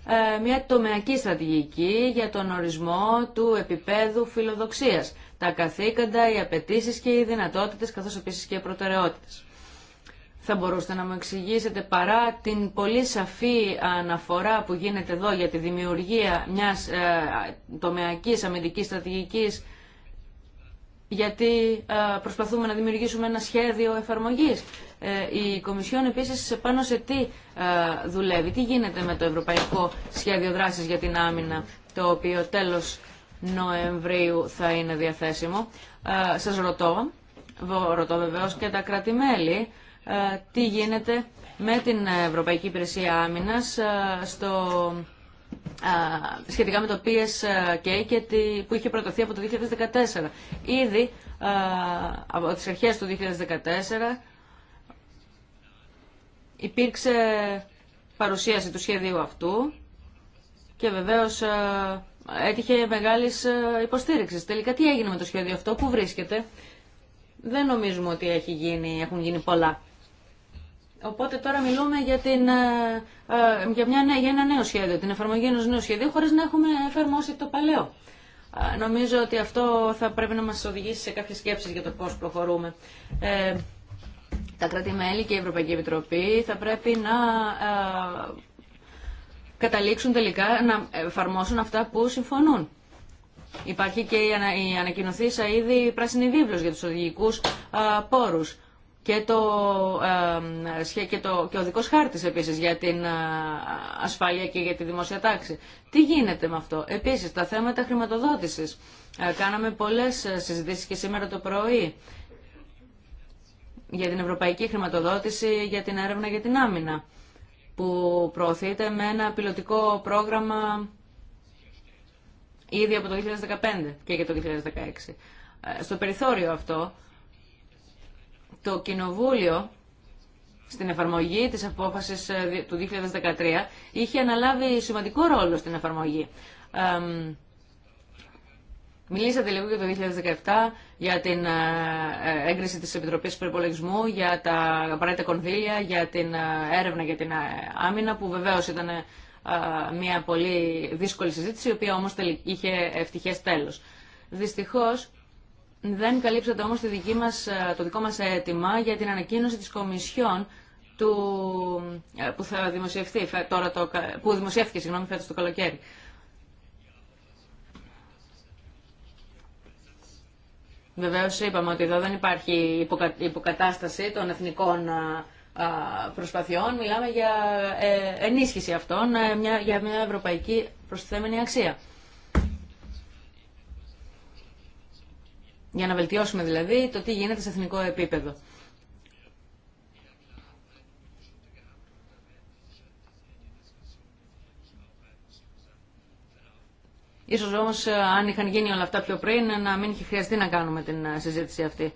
ε, μια τομεακή στρατηγική για τον ορισμό του επίπεδου φιλοδοξίας, τα καθήκοντα, οι απαιτήσει και οι δυνατότητες, καθώς επίσης και οι προτεραιότητες. Θα μπορούσατε να μου εξηγήσετε παρά την πολύ σαφή αναφορά που γίνεται εδώ για τη δημιουργία μιας ε, τομεακής αμυντικής στρατηγικής γιατί ε, προσπαθούμε να δημιουργήσουμε ένα σχέδιο εφαρμογής. Ε, η Κομισιόν επίσης πάνω σε τι ε, δουλεύει, τι γίνεται με το Ευρωπαϊκό Σχέδιο Δράσης για την Άμυνα, το οποίο τέλος Νοεμβρίου θα είναι διαθέσιμο. Σας ρωτώ, ρωτώ βεβαίως και τα κρατημέλη, τι γίνεται με την Ευρωπαϊκή Υπηρεσία Άμυνας στο σχετικά με το PSK και τη, που είχε προταθεί από το 2014. Ήδη από τις αρχές του 2014 υπήρξε παρουσίαση του σχέδιου αυτού και βεβαίως έτυχε μεγάλης υποστήριξης. Τελικά τι έγινε με το σχέδιο αυτό, που βρίσκεται. Δεν νομίζουμε ότι έχουν γίνει πολλά. Οπότε τώρα μιλούμε για, την, ε, ε, για, μια, για ένα νέο σχέδιο, την εφαρμογή ενός νέου σχεδίου, χωρίς να έχουμε εφαρμόσει το παλαιό. Ε, νομίζω ότι αυτό θα πρέπει να μας οδηγήσει σε κάποιες σκέψεις για το πώς προχωρούμε. Ε, τα κράτη-μέλη και η Ευρωπαϊκή Επιτροπή θα πρέπει να καταλήξουν τελικά να εφαρμόσουν αυτά που συμφωνούν. Υπάρχει και η ανακοινωθήσα ήδη πράσινη βίβλος για τους οδηγικούς ε, πόρους και, το, και, το, και ο δικός χάρτης επίσης για την ε, ασφάλεια και για τη δημόσια τάξη. Τι γίνεται με αυτό. Επίσης τα θέματα χρηματοδότησης. Ε, κάναμε πολλές ε, συζητήσεις και σήμερα το πρωί για την ευρωπαϊκή χρηματοδότηση, για την έρευνα, για την άμυνα που προωθείται με ένα πιλωτικό πρόγραμμα ήδη από το 2015 και για το 2016. Στο περιθώριο αυτό το Κοινοβούλιο στην εφαρμογή της απόφασης ε, του 2013 είχε αναλάβει σημαντικό ρόλο στην εφαρμογή. Μιλήσατε λίγο για το 2017, για την ε, ε, έγκριση της Επιτροπής Περιπολογισμού, για τα απαραίτητα κονδύλια, για την έρευνα για την άμυνα, που βεβαίως ήταν μια πολύ δύσκολη συζήτηση, η οποία όμως είχε ευτυχές τέλος. Δυστυχώς, δεν καλύψατε όμως τη δική μας, ε, το δικό μας αίτημα για την ανακοίνωση της Κομισιόν του, ε, που θα δημοσιευθεί τώρα το, που δημοσιεύθηκε συγγνώμη φέτος το καλοκαίρι. Βεβαίω είπαμε ότι εδώ δεν υπάρχει υποκατάσταση των εθνικών ε, προσπαθειών. Μιλάμε για ενίσχυση αυτών, για μια ευρωπαϊκή προσθέμενη αξία. για να βελτιώσουμε δηλαδή το τι γίνεται σε εθνικό επίπεδο. Ίσως όμως ε, αν είχαν γίνει όλα αυτά πιο πριν να μην είχε χρειαστεί να κάνουμε την ε, συζήτηση αυτή.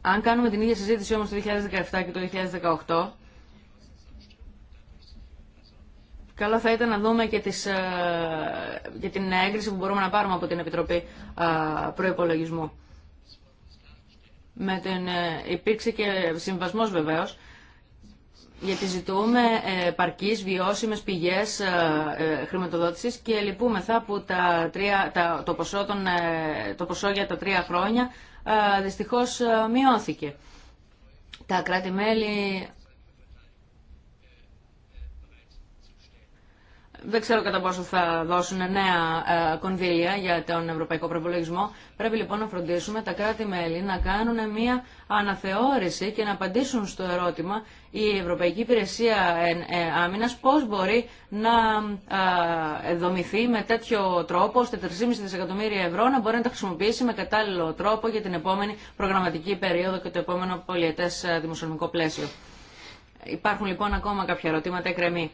Αν κάνουμε την ίδια συζήτηση όμως το 2017 και το 2018 Καλό θα ήταν να δούμε και, τις, ε, και την έγκριση που μπορούμε να πάρουμε από την Επιτροπή ε, Προϋπολογισμού. Με την, ε, υπήρξε και συμβασμός βεβαίως, γιατί ζητούμε παρκείς, βιώσιμες πηγές χρηματοδότησης και λυπούμεθα που τα τρία, το, ποσό των, το ποσό για τα τρία χρόνια δυστυχώς μειώθηκε. Τα κράτη-μέλη δεν ξέρω κατά πόσο θα δώσουν νέα ε, κονδύλια για τον ευρωπαϊκό προπολογισμό. Πρέπει λοιπόν να φροντίσουμε τα κράτη-μέλη να κάνουν μια αναθεώρηση και να απαντήσουν στο ερώτημα η Ευρωπαϊκή Υπηρεσία ε, ε, Άμυνας πώς μπορεί να δομηθεί με τέτοιο τρόπο ώστε 3,5 δισεκατομμύρια ευρώ να μπορεί να τα χρησιμοποιήσει με κατάλληλο τρόπο για την επόμενη προγραμματική περίοδο και το επόμενο πολιετές δημοσιονομικό πλαίσιο. Υπάρχουν λοιπόν ακόμα κάποια ερωτήματα εκκρεμή.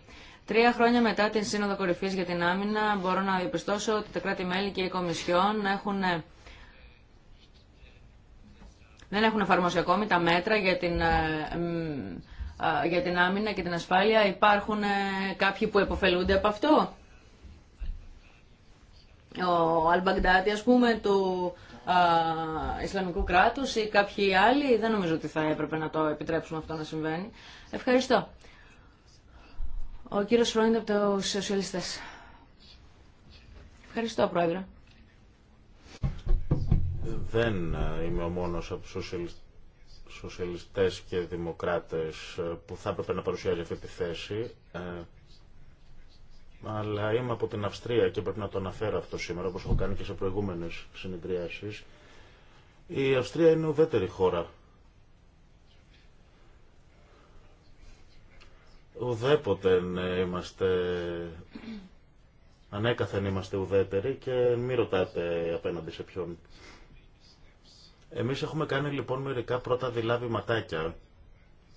Τρία χρόνια μετά την Σύνοδο Κορυφή για την Άμυνα, μπορώ να διαπιστώσω ότι τα κράτη-μέλη και οι Κομισιόν έχουν... Ε, δεν έχουν εφαρμόσει ακόμη τα μέτρα για την, ε, ε, για την άμυνα και την ασφάλεια. Υπάρχουν κάποιοι που επωφελούνται από αυτό. Ο Αλμπαγκδάτη, ας πούμε, του α, Ισλαμικού κράτους ή κάποιοι άλλοι, δεν νομίζω ότι θα έπρεπε να το επιτρέψουμε αυτό να συμβαίνει. Ευχαριστώ. Ο κύριος Φρόνιντ από τους Σοσιαλιστές. Ευχαριστώ, Πρόεδρε. Δεν ε, είμαι ο μόνος από τους σοσιαλιστές και δημοκράτες ε, που θα έπρεπε να παρουσιάζει αυτή τη θέση. Ε, αλλά είμαι από την Αυστρία και πρέπει να το αναφέρω αυτό σήμερα, όπως έχω κάνει και σε προηγούμενες συνεδριάσεις. Η Αυστρία είναι ουδέτερη χώρα ουδέποτε ναι, είμαστε ανέκαθεν είμαστε ουδέτεροι και μη ρωτάτε απέναντι σε ποιον. Εμείς έχουμε κάνει λοιπόν μερικά πρώτα δηλάβηματάκια ματάκια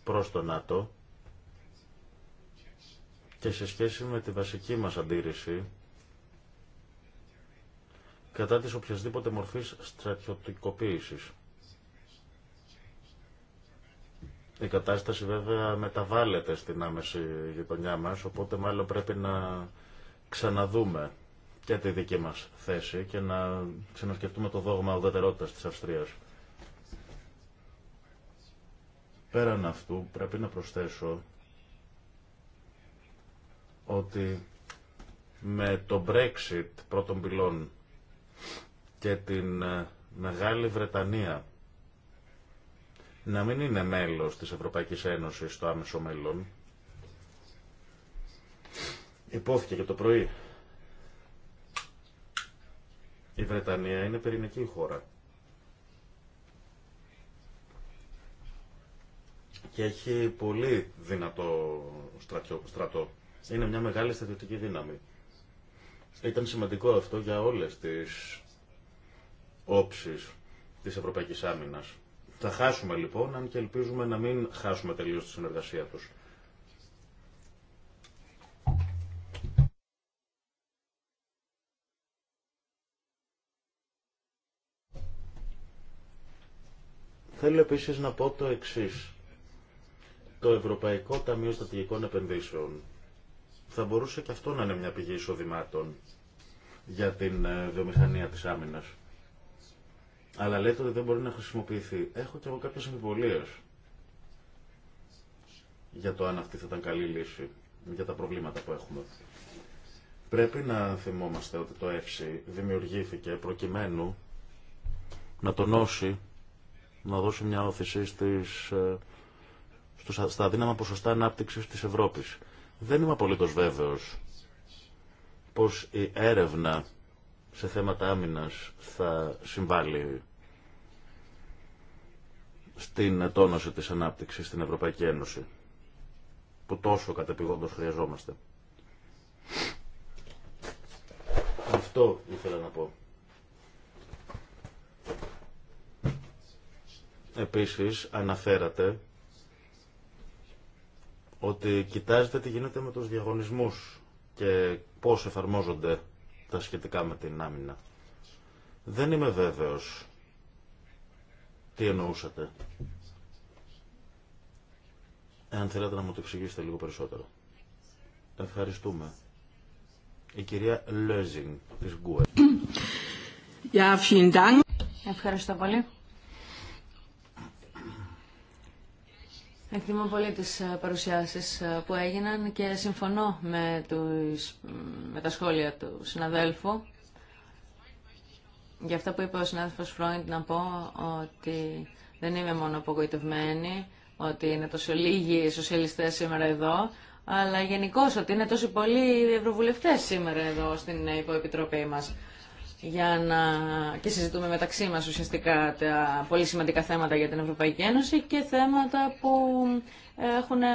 προς το ΝΑΤΟ και σε σχέση με τη βασική μας αντίρρηση κατά της οποιασδήποτε μορφής στρατιωτικοποίησης. Η κατάσταση βέβαια μεταβάλλεται στην άμεση γειτονιά μας, οπότε μάλλον πρέπει να ξαναδούμε και τη δική μας θέση και να ξανασκεφτούμε το δόγμα ουδετερότητας της Αυστρίας. Πέραν αυτού πρέπει να προσθέσω ότι με το Brexit πρώτων πυλών και την ε, Μεγάλη Βρετανία να μην είναι μέλος της Ευρωπαϊκής Ένωσης στο άμεσο μέλλον. Υπόθηκε και το πρωί. Η Βρετανία είναι πυρηνική χώρα. Και έχει πολύ δυνατό στρατό. Είναι μια μεγάλη στρατιωτική δύναμη. Ήταν σημαντικό αυτό για όλες τις όψεις της Ευρωπαϊκής Άμυνας. Θα χάσουμε λοιπόν, αν και ελπίζουμε να μην χάσουμε τελείως τη συνεργασία τους. Θέλω επίση να πω το εξή Το Ευρωπαϊκό Ταμείο Στατηγικών Επενδύσεων θα μπορούσε και αυτό να είναι μια πηγή εισοδημάτων για την ε, βιομηχανία της άμυνας αλλά λέτε ότι δεν μπορεί να χρησιμοποιηθεί. Έχω και εγώ κάποιε αμφιβολίε για το αν αυτή θα ήταν καλή λύση για τα προβλήματα που έχουμε. Πρέπει να θυμόμαστε ότι το ΕΦΣΙ δημιουργήθηκε προκειμένου να τονώσει, να δώσει μια όθηση στις, ε, στα δύναμα ποσοστά ανάπτυξη της Ευρώπης. Δεν είμαι απολύτως βέβαιος πως η έρευνα σε θέματα άμυνας θα συμβάλλει στην τόνωση της ανάπτυξης στην Ευρωπαϊκή Ένωση που τόσο κατεπηγόντως χρειαζόμαστε. Αυτό ήθελα να πω. Επίσης αναφέρατε ότι κοιτάζετε τι γίνεται με τους διαγωνισμούς και πώς εφαρμόζονται τα σχετικά με την άμυνα. Δεν είμαι βέβαιος τι εννοούσατε. Εάν θέλετε να μου το εξηγήσετε λίγο περισσότερο. Ευχαριστούμε. Η κυρία Λέζινγκ της Γκουέ. *clears throat* Ευχαριστώ πολύ. Εκτιμώ πολύ τις ε, παρουσιάσεις ε, που έγιναν και συμφωνώ με, τους, με τα σχόλια του συναδέλφου. Για αυτά που είπε ο συνάδελφος Φρόιντ να πω ότι δεν είμαι μόνο απογοητευμένη, ότι είναι τόσο λίγοι οι σοσιαλιστές σήμερα εδώ, αλλά γενικώ ότι είναι τόσο πολλοί οι ευρωβουλευτές σήμερα εδώ στην υποεπιτροπή μας για να... και συζητούμε μεταξύ μας ουσιαστικά τα πολύ σημαντικά θέματα για την Ευρωπαϊκή Ένωση και θέματα που έχουν ε,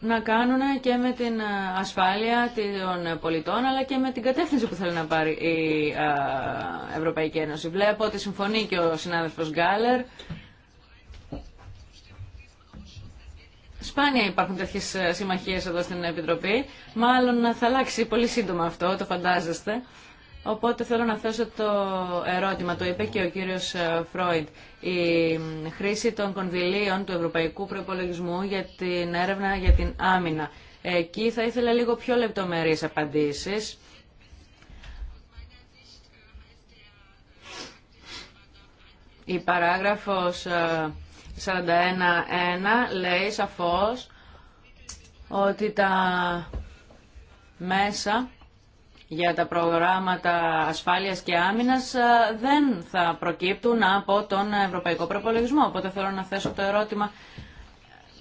να κάνουν και με την ασφάλεια των πολιτών αλλά και με την κατεύθυνση που θέλει να πάρει η ε, Ευρωπαϊκή Ένωση. Βλέπω ότι συμφωνεί και ο συνάδελφος Γκάλερ Σπάνια υπάρχουν τέτοιε συμμαχίε εδώ στην Επιτροπή. Μάλλον ε, θα αλλάξει πολύ σύντομα αυτό, το φαντάζεστε. Οπότε θέλω να θέσω το ερώτημα, το είπε και ο κύριος ε, Φρόιντ. Η χρήση των κονδυλίων του Ευρωπαϊκού Προπολογισμού για την έρευνα για την άμυνα. Εκεί θα ήθελα λίγο πιο λεπτομερείς απαντήσεις. Η παράγραφος ε, 41.1 λέει σαφώς ότι τα μέσα για τα προγράμματα ασφάλειας και άμυνας ε, δεν θα προκύπτουν από τον Ευρωπαϊκό Προπολογισμό. Οπότε θέλω να θέσω το ερώτημα,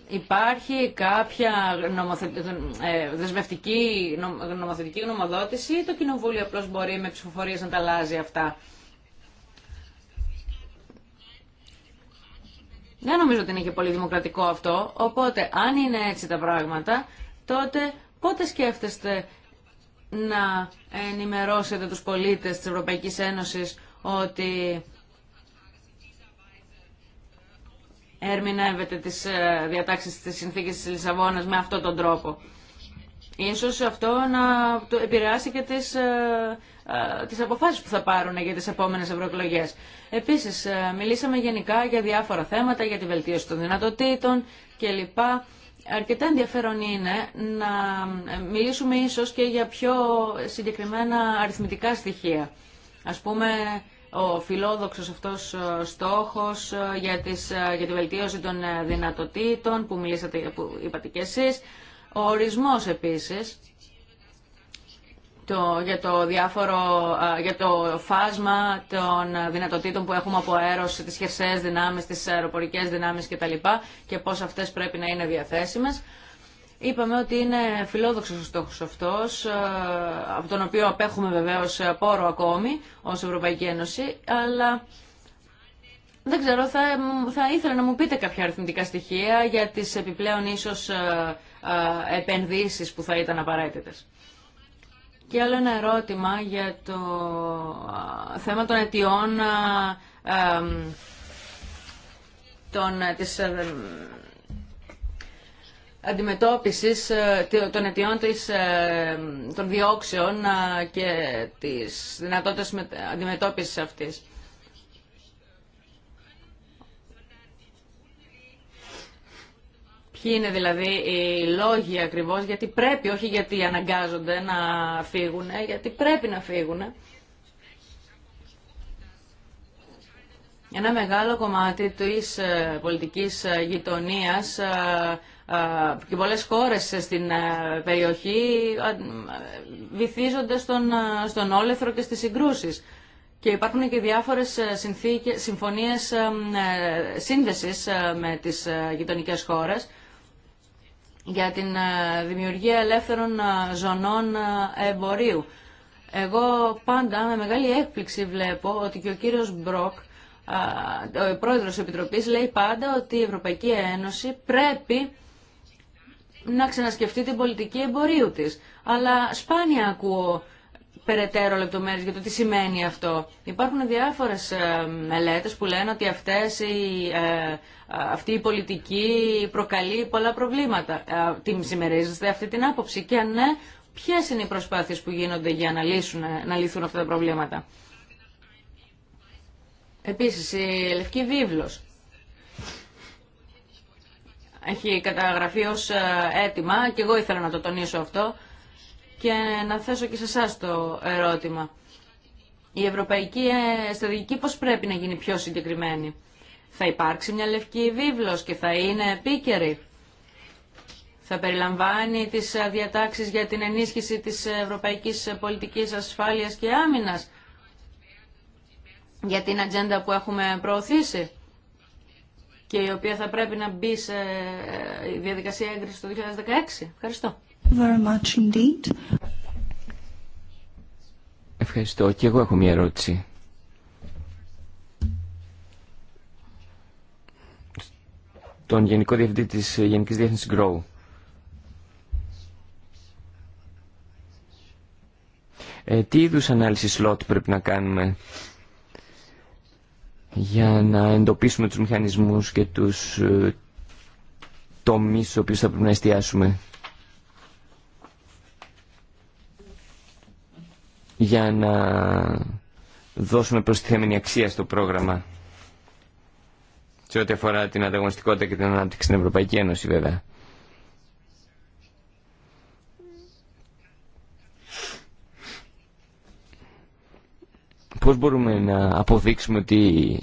υπάρχει κάποια νομοθε... Ε, δεσμευτική νομοθετική γνωμοδότηση ή το Κοινοβούλιο απλώς μπορεί με ψηφοφορίες να τα αλλάζει αυτά. Δεν νομίζω ότι είναι και πολύ δημοκρατικό αυτό, οπότε αν είναι έτσι τα πράγματα, τότε πότε σκέφτεστε να ενημερώσετε τους πολίτες της Ευρωπαϊκής Ένωσης ότι ερμηνεύετε τις ε, διατάξεις της συνθήκης της Λισαβόνας με αυτόν τον τρόπο. Ίσως αυτό να επηρεάσει και τις, ε, ε, τις αποφάσεις που θα πάρουν για τις επόμενες ευρωεκλογέ. Επίσης, ε, μιλήσαμε γενικά για διάφορα θέματα, για τη βελτίωση των δυνατοτήτων κλπ. Αρκετά ενδιαφέρον είναι να μιλήσουμε ίσως και για πιο συγκεκριμένα αριθμητικά στοιχεία. Ας πούμε, ο φιλόδοξος αυτός στόχος για, τις, για τη βελτίωση των δυνατοτήτων που, μιλήσατε, που είπατε και εσείς, ο ορισμός επίσης το, για, το διάφορο, για το φάσμα των δυνατοτήτων που έχουμε από αέρος, τις χερσαίες δυνάμεις, τις αεροπορικές δυνάμεις κτλ. και πώς αυτές πρέπει να είναι διαθέσιμες. Είπαμε ότι είναι φιλόδοξος ο στόχος αυτός, από τον οποίο απέχουμε βεβαίως πόρο ακόμη ως Ευρωπαϊκή Ένωση, αλλά δεν ξέρω, θα, θα ήθελα να μου πείτε κάποια αριθμητικά στοιχεία για τις επιπλέον ίσως ε, επενδύσεις που θα ήταν απαραίτητες. Και άλλο ένα ερώτημα για το ε, θέμα των αιτιών ε, των, της αντιμετώπισης των αιτιών της, των διώξεων και της δυνατότητας αντιμετώπισης αυτής. Ποιοι είναι δηλαδή οι λόγοι ακριβώς, γιατί πρέπει, όχι γιατί αναγκάζονται να φύγουν, γιατί πρέπει να φύγουν. Ένα μεγάλο κομμάτι της ε, πολιτικής ε, γειτονίας ε, και πολλές χώρες στην περιοχή βυθίζονται στον, στον όλεθρο και στις συγκρούσεις. Και υπάρχουν και διάφορες συνθήκες, συμφωνίες σύνδεσης με τις γειτονικές χώρες για την ε, δημιουργία ελεύθερων ε, ζωνών ε, εμπορίου. Εγώ πάντα με μεγάλη έκπληξη βλέπω ότι και ο κύριος Μπροκ, ο πρόεδρος της Επιτροπής, λέει πάντα ότι η Ευρωπαϊκή Ένωση πρέπει να ξανασκεφτεί την πολιτική εμπορίου της. Αλλά σπάνια ακούω περαιτέρω λεπτομέρειες για το τι σημαίνει αυτό. Υπάρχουν διάφορες ε, μελέτες που λένε ότι αυτές οι, ε, αυτή η πολιτική προκαλεί πολλά προβλήματα. Ε, τι συμμερίζεστε αυτή την άποψη και αν ναι, ποιες είναι οι προσπάθειες που γίνονται για να, λύσουν, να λυθούν αυτά τα προβλήματα. Επίσης, η Λευκή Βίβλος έχει καταγραφεί ως αίτημα και εγώ ήθελα να το τονίσω αυτό και να θέσω και σε εσά το ερώτημα. Η ευρωπαϊκή ε, στρατηγική πώς πρέπει να γίνει πιο συγκεκριμένη. Θα υπάρξει μια λευκή βίβλος και θα είναι επίκαιρη. Θα περιλαμβάνει τις ε, διατάξεις για την ενίσχυση της ευρωπαϊκής πολιτικής ασφάλειας και άμυνας για την ατζέντα που έχουμε προωθήσει και η οποία θα πρέπει να μπει σε ε, διαδικασία έγκρισης το 2016. Ευχαριστώ. Very indeed. Ευχαριστώ. Και εγώ έχω μια ερώτηση. Τον Γενικό Διευθυντή της Γενικής Διεύθυνσης Grow. Ε, τι είδου ανάλυση slot πρέπει να κάνουμε για να εντοπίσουμε τους μηχανισμούς και τους ε, τομείς στους οποίους θα πρέπει να εστιάσουμε. για να δώσουμε προστιθέμενη αξία στο πρόγραμμα σε ό,τι αφορά την ανταγωνιστικότητα και την ανάπτυξη στην Ευρωπαϊκή Ένωση βέβαια. Πώς μπορούμε να αποδείξουμε ότι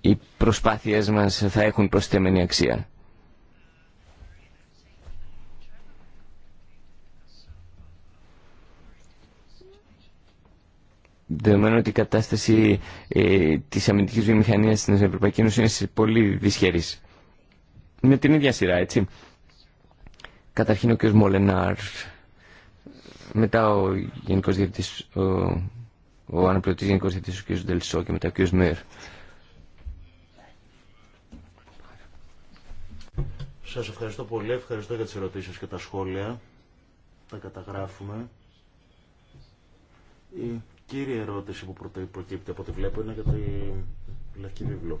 οι προσπάθειές μας θα έχουν προστιθέμενη αξία. δεδομένου ότι η κατάσταση ε, της αμυντικής βιομηχανίας στην Ευρωπαϊκή Ένωση είναι πολύ δυσχερής. Με την ίδια σειρά, έτσι. Καταρχήν ο κ. Μολενάρ, μετά ο Γενικός Διευθυντής, ο, ο Αναπληρωτής Γενικός Διευθυντής, ο κ. Δελσό και μετά ο κ. Μέρ. Σας ευχαριστώ πολύ, ευχαριστώ για τις ερωτήσεις και τα σχόλια. Τα καταγράφουμε κύρια ερώτηση που προκύπτει από ό,τι βλέπω είναι για τη λαϊκή Βιβλό.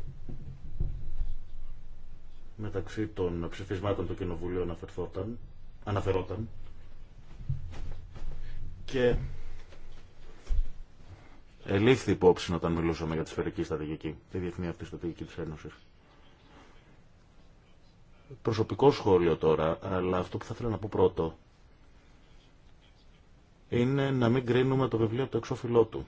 Μεταξύ των ψηφισμάτων του Κοινοβουλίου αναφερόταν και ελήφθη υπόψη όταν μιλούσαμε για τη σφαιρική στρατηγική, τη διεθνή αυτή στρατηγική της Ένωσης. Προσωπικό σχόλιο τώρα, αλλά αυτό που θα ήθελα να πω πρώτο είναι να μην κρίνουμε το βιβλίο από το εξώφυλλό του.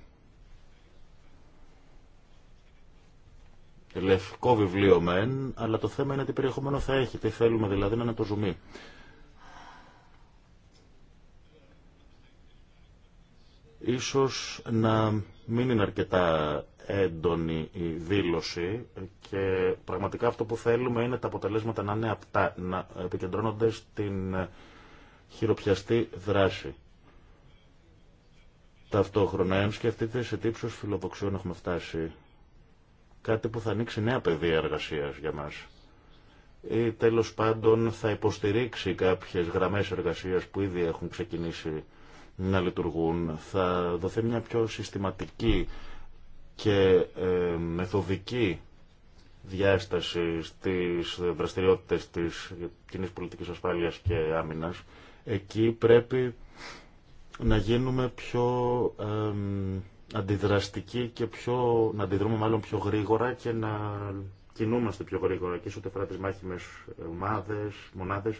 Λευκό βιβλίο μεν, αλλά το θέμα είναι τι περιεχόμενο θα έχει, τι θέλουμε δηλαδή να είναι το ζουμί. Ίσως να μην είναι αρκετά έντονη η δήλωση και πραγματικά αυτό που θέλουμε είναι τα αποτελέσματα να είναι απτά, να επικεντρώνονται στην χειροπιαστή δράση. Ταυτόχρονα, αν σκεφτείτε σε τι ύψο φιλοδοξιών έχουμε φτάσει, κάτι που θα ανοίξει νέα πεδία εργασία για μα ή τέλο πάντων θα υποστηρίξει κάποιε γραμμέ εργασία που ήδη έχουν ξεκινήσει να λειτουργούν, θα δοθεί μια πιο συστηματική και ε, μεθοδική διάσταση στις δραστηριότητες της κοινή πολιτικής ασφάλειας και άμυνας, εκεί πρέπει να γίνουμε πιο αντιδραστικοί και πιο, να αντιδρούμε μάλλον πιο γρήγορα και να κινούμαστε πιο γρήγορα και σε ό,τι αφορά τις μάχημες ομάδες, μονάδες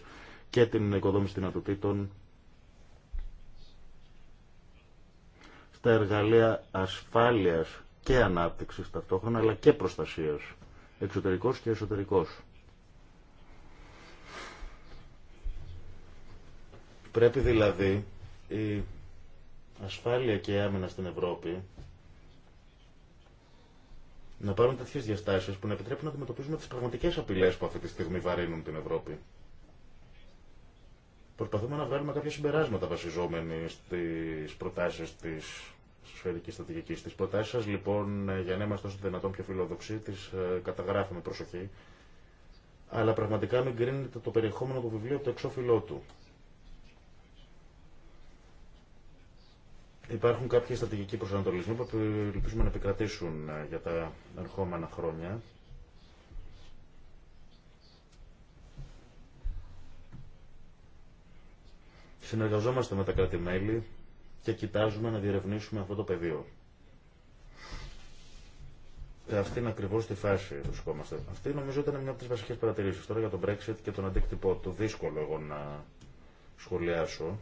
και την οικοδόμηση δυνατοτήτων στα εργαλεία ασφάλειας και ανάπτυξης ταυτόχρονα αλλά και προστασίας εξωτερικός και εσωτερικός. Πρέπει δηλαδή η ασφάλεια και η άμυνα στην Ευρώπη να πάρουν τέτοιε διαστάσει που να επιτρέπουν να αντιμετωπίζουμε τι πραγματικέ απειλέ που αυτή τη στιγμή βαρύνουν την Ευρώπη. Προσπαθούμε να βγάλουμε κάποια συμπεράσματα βασιζόμενοι στι προτάσει τη σφαιρική στρατηγική. Τι προτάσει σα, λοιπόν, για να είμαστε όσο δυνατόν πιο φιλόδοξοι, τι ε, καταγράφουμε προσοχή. Αλλά πραγματικά μην κρίνετε το περιεχόμενο του βιβλίου από το εξώφυλλό του. Υπάρχουν κάποιοι στρατηγικοί προσανατολισμοί που ελπίζουμε να επικρατήσουν ε, για τα ερχόμενα χρόνια. Συνεργαζόμαστε με τα κράτη-μέλη και κοιτάζουμε να διερευνήσουμε αυτό το πεδίο. Ε, αυτή είναι ακριβώ τη φάση που βρισκόμαστε. Αυτή νομίζω ήταν μια από τι βασικέ παρατηρήσει. Τώρα για τον Brexit και τον αντίκτυπό του. Δύσκολο εγώ να σχολιάσω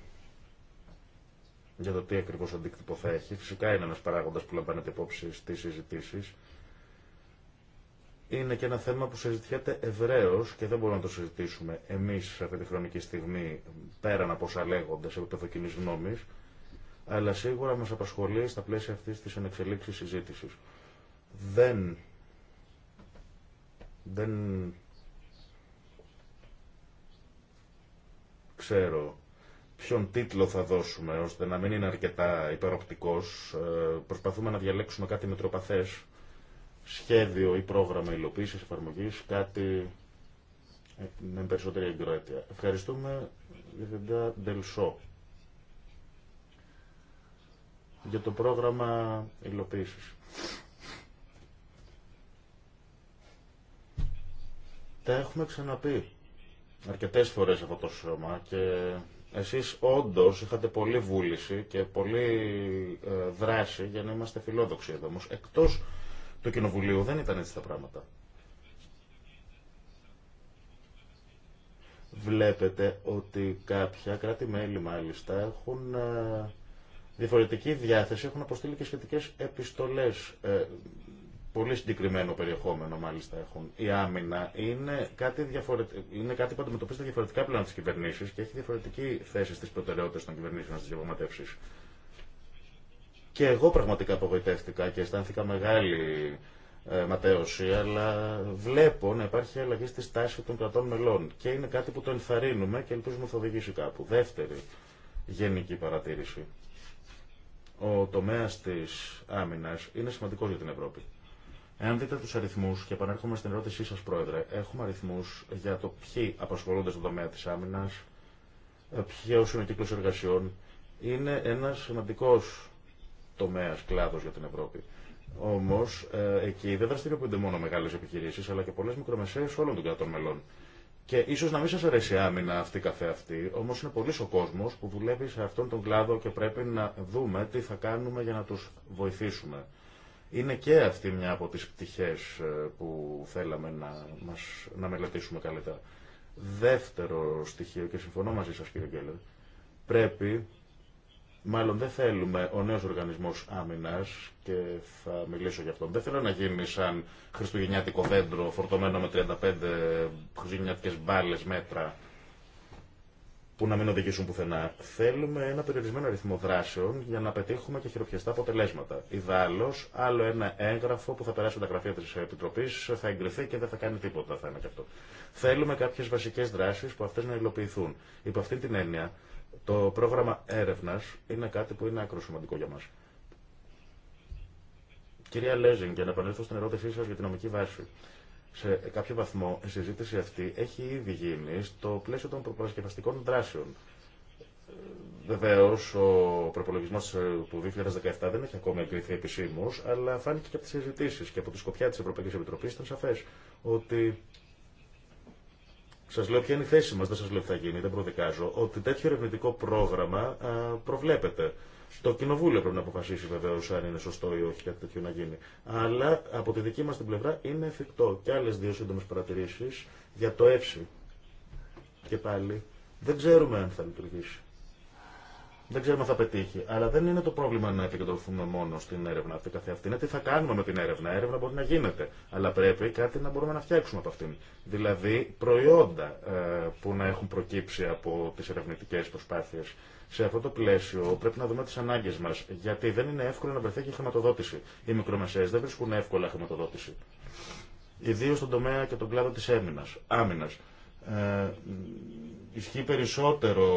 για το τι ακριβώ αντίκτυπο θα έχει. Φυσικά είναι ένα παράγοντα που λαμβάνεται υπόψη στι συζητήσει. Είναι και ένα θέμα που συζητιέται ευρέω και δεν μπορούμε να το συζητήσουμε εμεί αυτή τη χρονική στιγμή πέραν από όσα λέγονται σε επίπεδο κοινή γνώμη, αλλά σίγουρα μα απασχολεί στα πλαίσια αυτή τη ενεξελίξη συζήτηση. Δεν. Δεν ξέρω ποιον τίτλο θα δώσουμε, ώστε να μην είναι αρκετά υπεροπτικός. Ε, προσπαθούμε να διαλέξουμε κάτι μετροπαθές, σχέδιο ή πρόγραμμα υλοποίηση εφαρμογή, κάτι με περισσότερη εγκροέτεια. Ευχαριστούμε, Διευθυντά Ντελσό, για το πρόγραμμα υλοποίησης. Τα έχουμε ξαναπεί αρκετές φορές αυτό το σώμα και εσείς όντως είχατε πολλή βούληση και πολύ ε, δράση για να είμαστε φιλόδοξοι εδώ. Όμως εκτός του Κοινοβουλίου δεν ήταν έτσι τα πράγματα. Βλέπετε ότι κάποια κράτη-μέλη μάλιστα έχουν ε, διαφορετική διάθεση, έχουν αποστείλει και σχετικές επιστολές. Ε, Πολύ συγκεκριμένο περιεχόμενο μάλιστα έχουν. Η άμυνα είναι κάτι, είναι κάτι που αντιμετωπίζεται διαφορετικά πλέον από τι κυβερνήσει και έχει διαφορετική θέση στι προτεραιότητε των κυβερνήσεων στι διαπραγματεύσει. Και εγώ πραγματικά απογοητεύτηκα και αισθάνθηκα μεγάλη ε, ματέωση, αλλά βλέπω να υπάρχει αλλαγή στη στάση των κρατών μελών. Και είναι κάτι που το ενθαρρύνουμε και ελπίζουμε θα οδηγήσει κάπου. Δεύτερη γενική παρατήρηση. Ο τομέα τη άμυνα είναι σημαντικό για την Ευρώπη. Εάν δείτε του αριθμού, και επανέρχομαι στην ερώτησή σα, Πρόεδρε, έχουμε αριθμού για το ποιοι απασχολούνται στον τομέα τη άμυνα, ε, ποιο είναι ο κύκλο εργασιών. Είναι ένα σημαντικό τομέα, κλάδο για την Ευρώπη. Όμω, ε, εκεί δεν δραστηριοποιούνται μόνο μεγάλε επιχειρήσει, αλλά και πολλέ μικρομεσαίε όλων των κρατών μελών. Και ίσω να μην σα αρέσει η άμυνα αυτή καθεαυτή, όμω είναι πολύ ο κόσμο που δουλεύει σε αυτόν τον κλάδο και πρέπει να δούμε τι θα κάνουμε για να του βοηθήσουμε είναι και αυτή μια από τις πτυχές ε, που θέλαμε να, μας, να μελετήσουμε καλύτερα. Δεύτερο στοιχείο, και συμφωνώ μαζί σας κύριε Γκέλλερ, πρέπει, μάλλον δεν θέλουμε ο νέος οργανισμός άμυνας, και θα μιλήσω για αυτό, δεν θέλω να γίνει σαν χριστουγεννιάτικο δέντρο φορτωμένο με 35 χριστουγεννιάτικες μπάλες μέτρα που να μην οδηγήσουν πουθενά. Θέλουμε ένα περιορισμένο αριθμό δράσεων για να πετύχουμε και χειροπιαστά αποτελέσματα. Ιδάλω, άλλο ένα έγγραφο που θα περάσει τα γραφεία τη Επιτροπή θα εγκριθεί και δεν θα κάνει τίποτα, θα είναι και αυτό. Θέλουμε κάποιε βασικέ δράσει που αυτέ να υλοποιηθούν. Υπό αυτή την έννοια, το πρόγραμμα έρευνα είναι κάτι που είναι άκρο σημαντικό για μα. Κυρία Λέζιν, για να επανέλθω στην ερώτησή σα για τη νομική βάση. Σε κάποιο βαθμό η συζήτηση αυτή έχει ήδη γίνει στο πλαίσιο των προπαρασκευαστικών δράσεων. Βεβαίω, ο προπολογισμό ε, του 2017 δεν έχει ακόμα εγκριθεί επισήμω, αλλά φάνηκε και από τι συζητήσει και από τη σκοπιά τη Ευρωπαϊκή Επιτροπή ήταν σαφέ ότι. Σα λέω ποια είναι η θέση μα, δεν σα λέω τι θα γίνει, δεν προδικάζω. Ότι τέτοιο ερευνητικό πρόγραμμα ε, προβλέπεται το κοινοβούλιο πρέπει να αποφασίσει βεβαίω αν είναι σωστό ή όχι κάτι τέτοιο να γίνει. Αλλά από τη δική μα την πλευρά είναι εφικτό. Και άλλε δύο σύντομε παρατηρήσει για το ΕΦΣΥ. Και πάλι δεν ξέρουμε αν θα λειτουργήσει. Δεν ξέρουμε αν θα πετύχει. Αλλά δεν είναι το πρόβλημα να επικεντρωθούμε μόνο στην έρευνα αυτή καθεαυτή. Είναι τι θα κάνουμε με την έρευνα. Έρευνα μπορεί να γίνεται. Αλλά πρέπει κάτι να μπορούμε να φτιάξουμε από αυτήν. Δηλαδή προϊόντα ε, που να έχουν προκύψει από τι ερευνητικέ προσπάθειε. Σε αυτό το πλαίσιο πρέπει να δούμε τι ανάγκε μα. Γιατί δεν είναι εύκολο να βρεθεί και χρηματοδότηση. Οι μικρομεσαίε δεν βρίσκουν εύκολα χρηματοδότηση. Ιδίω στον τομέα και τον κλάδο τη άμυνα. Ε, ισχύει περισσότερο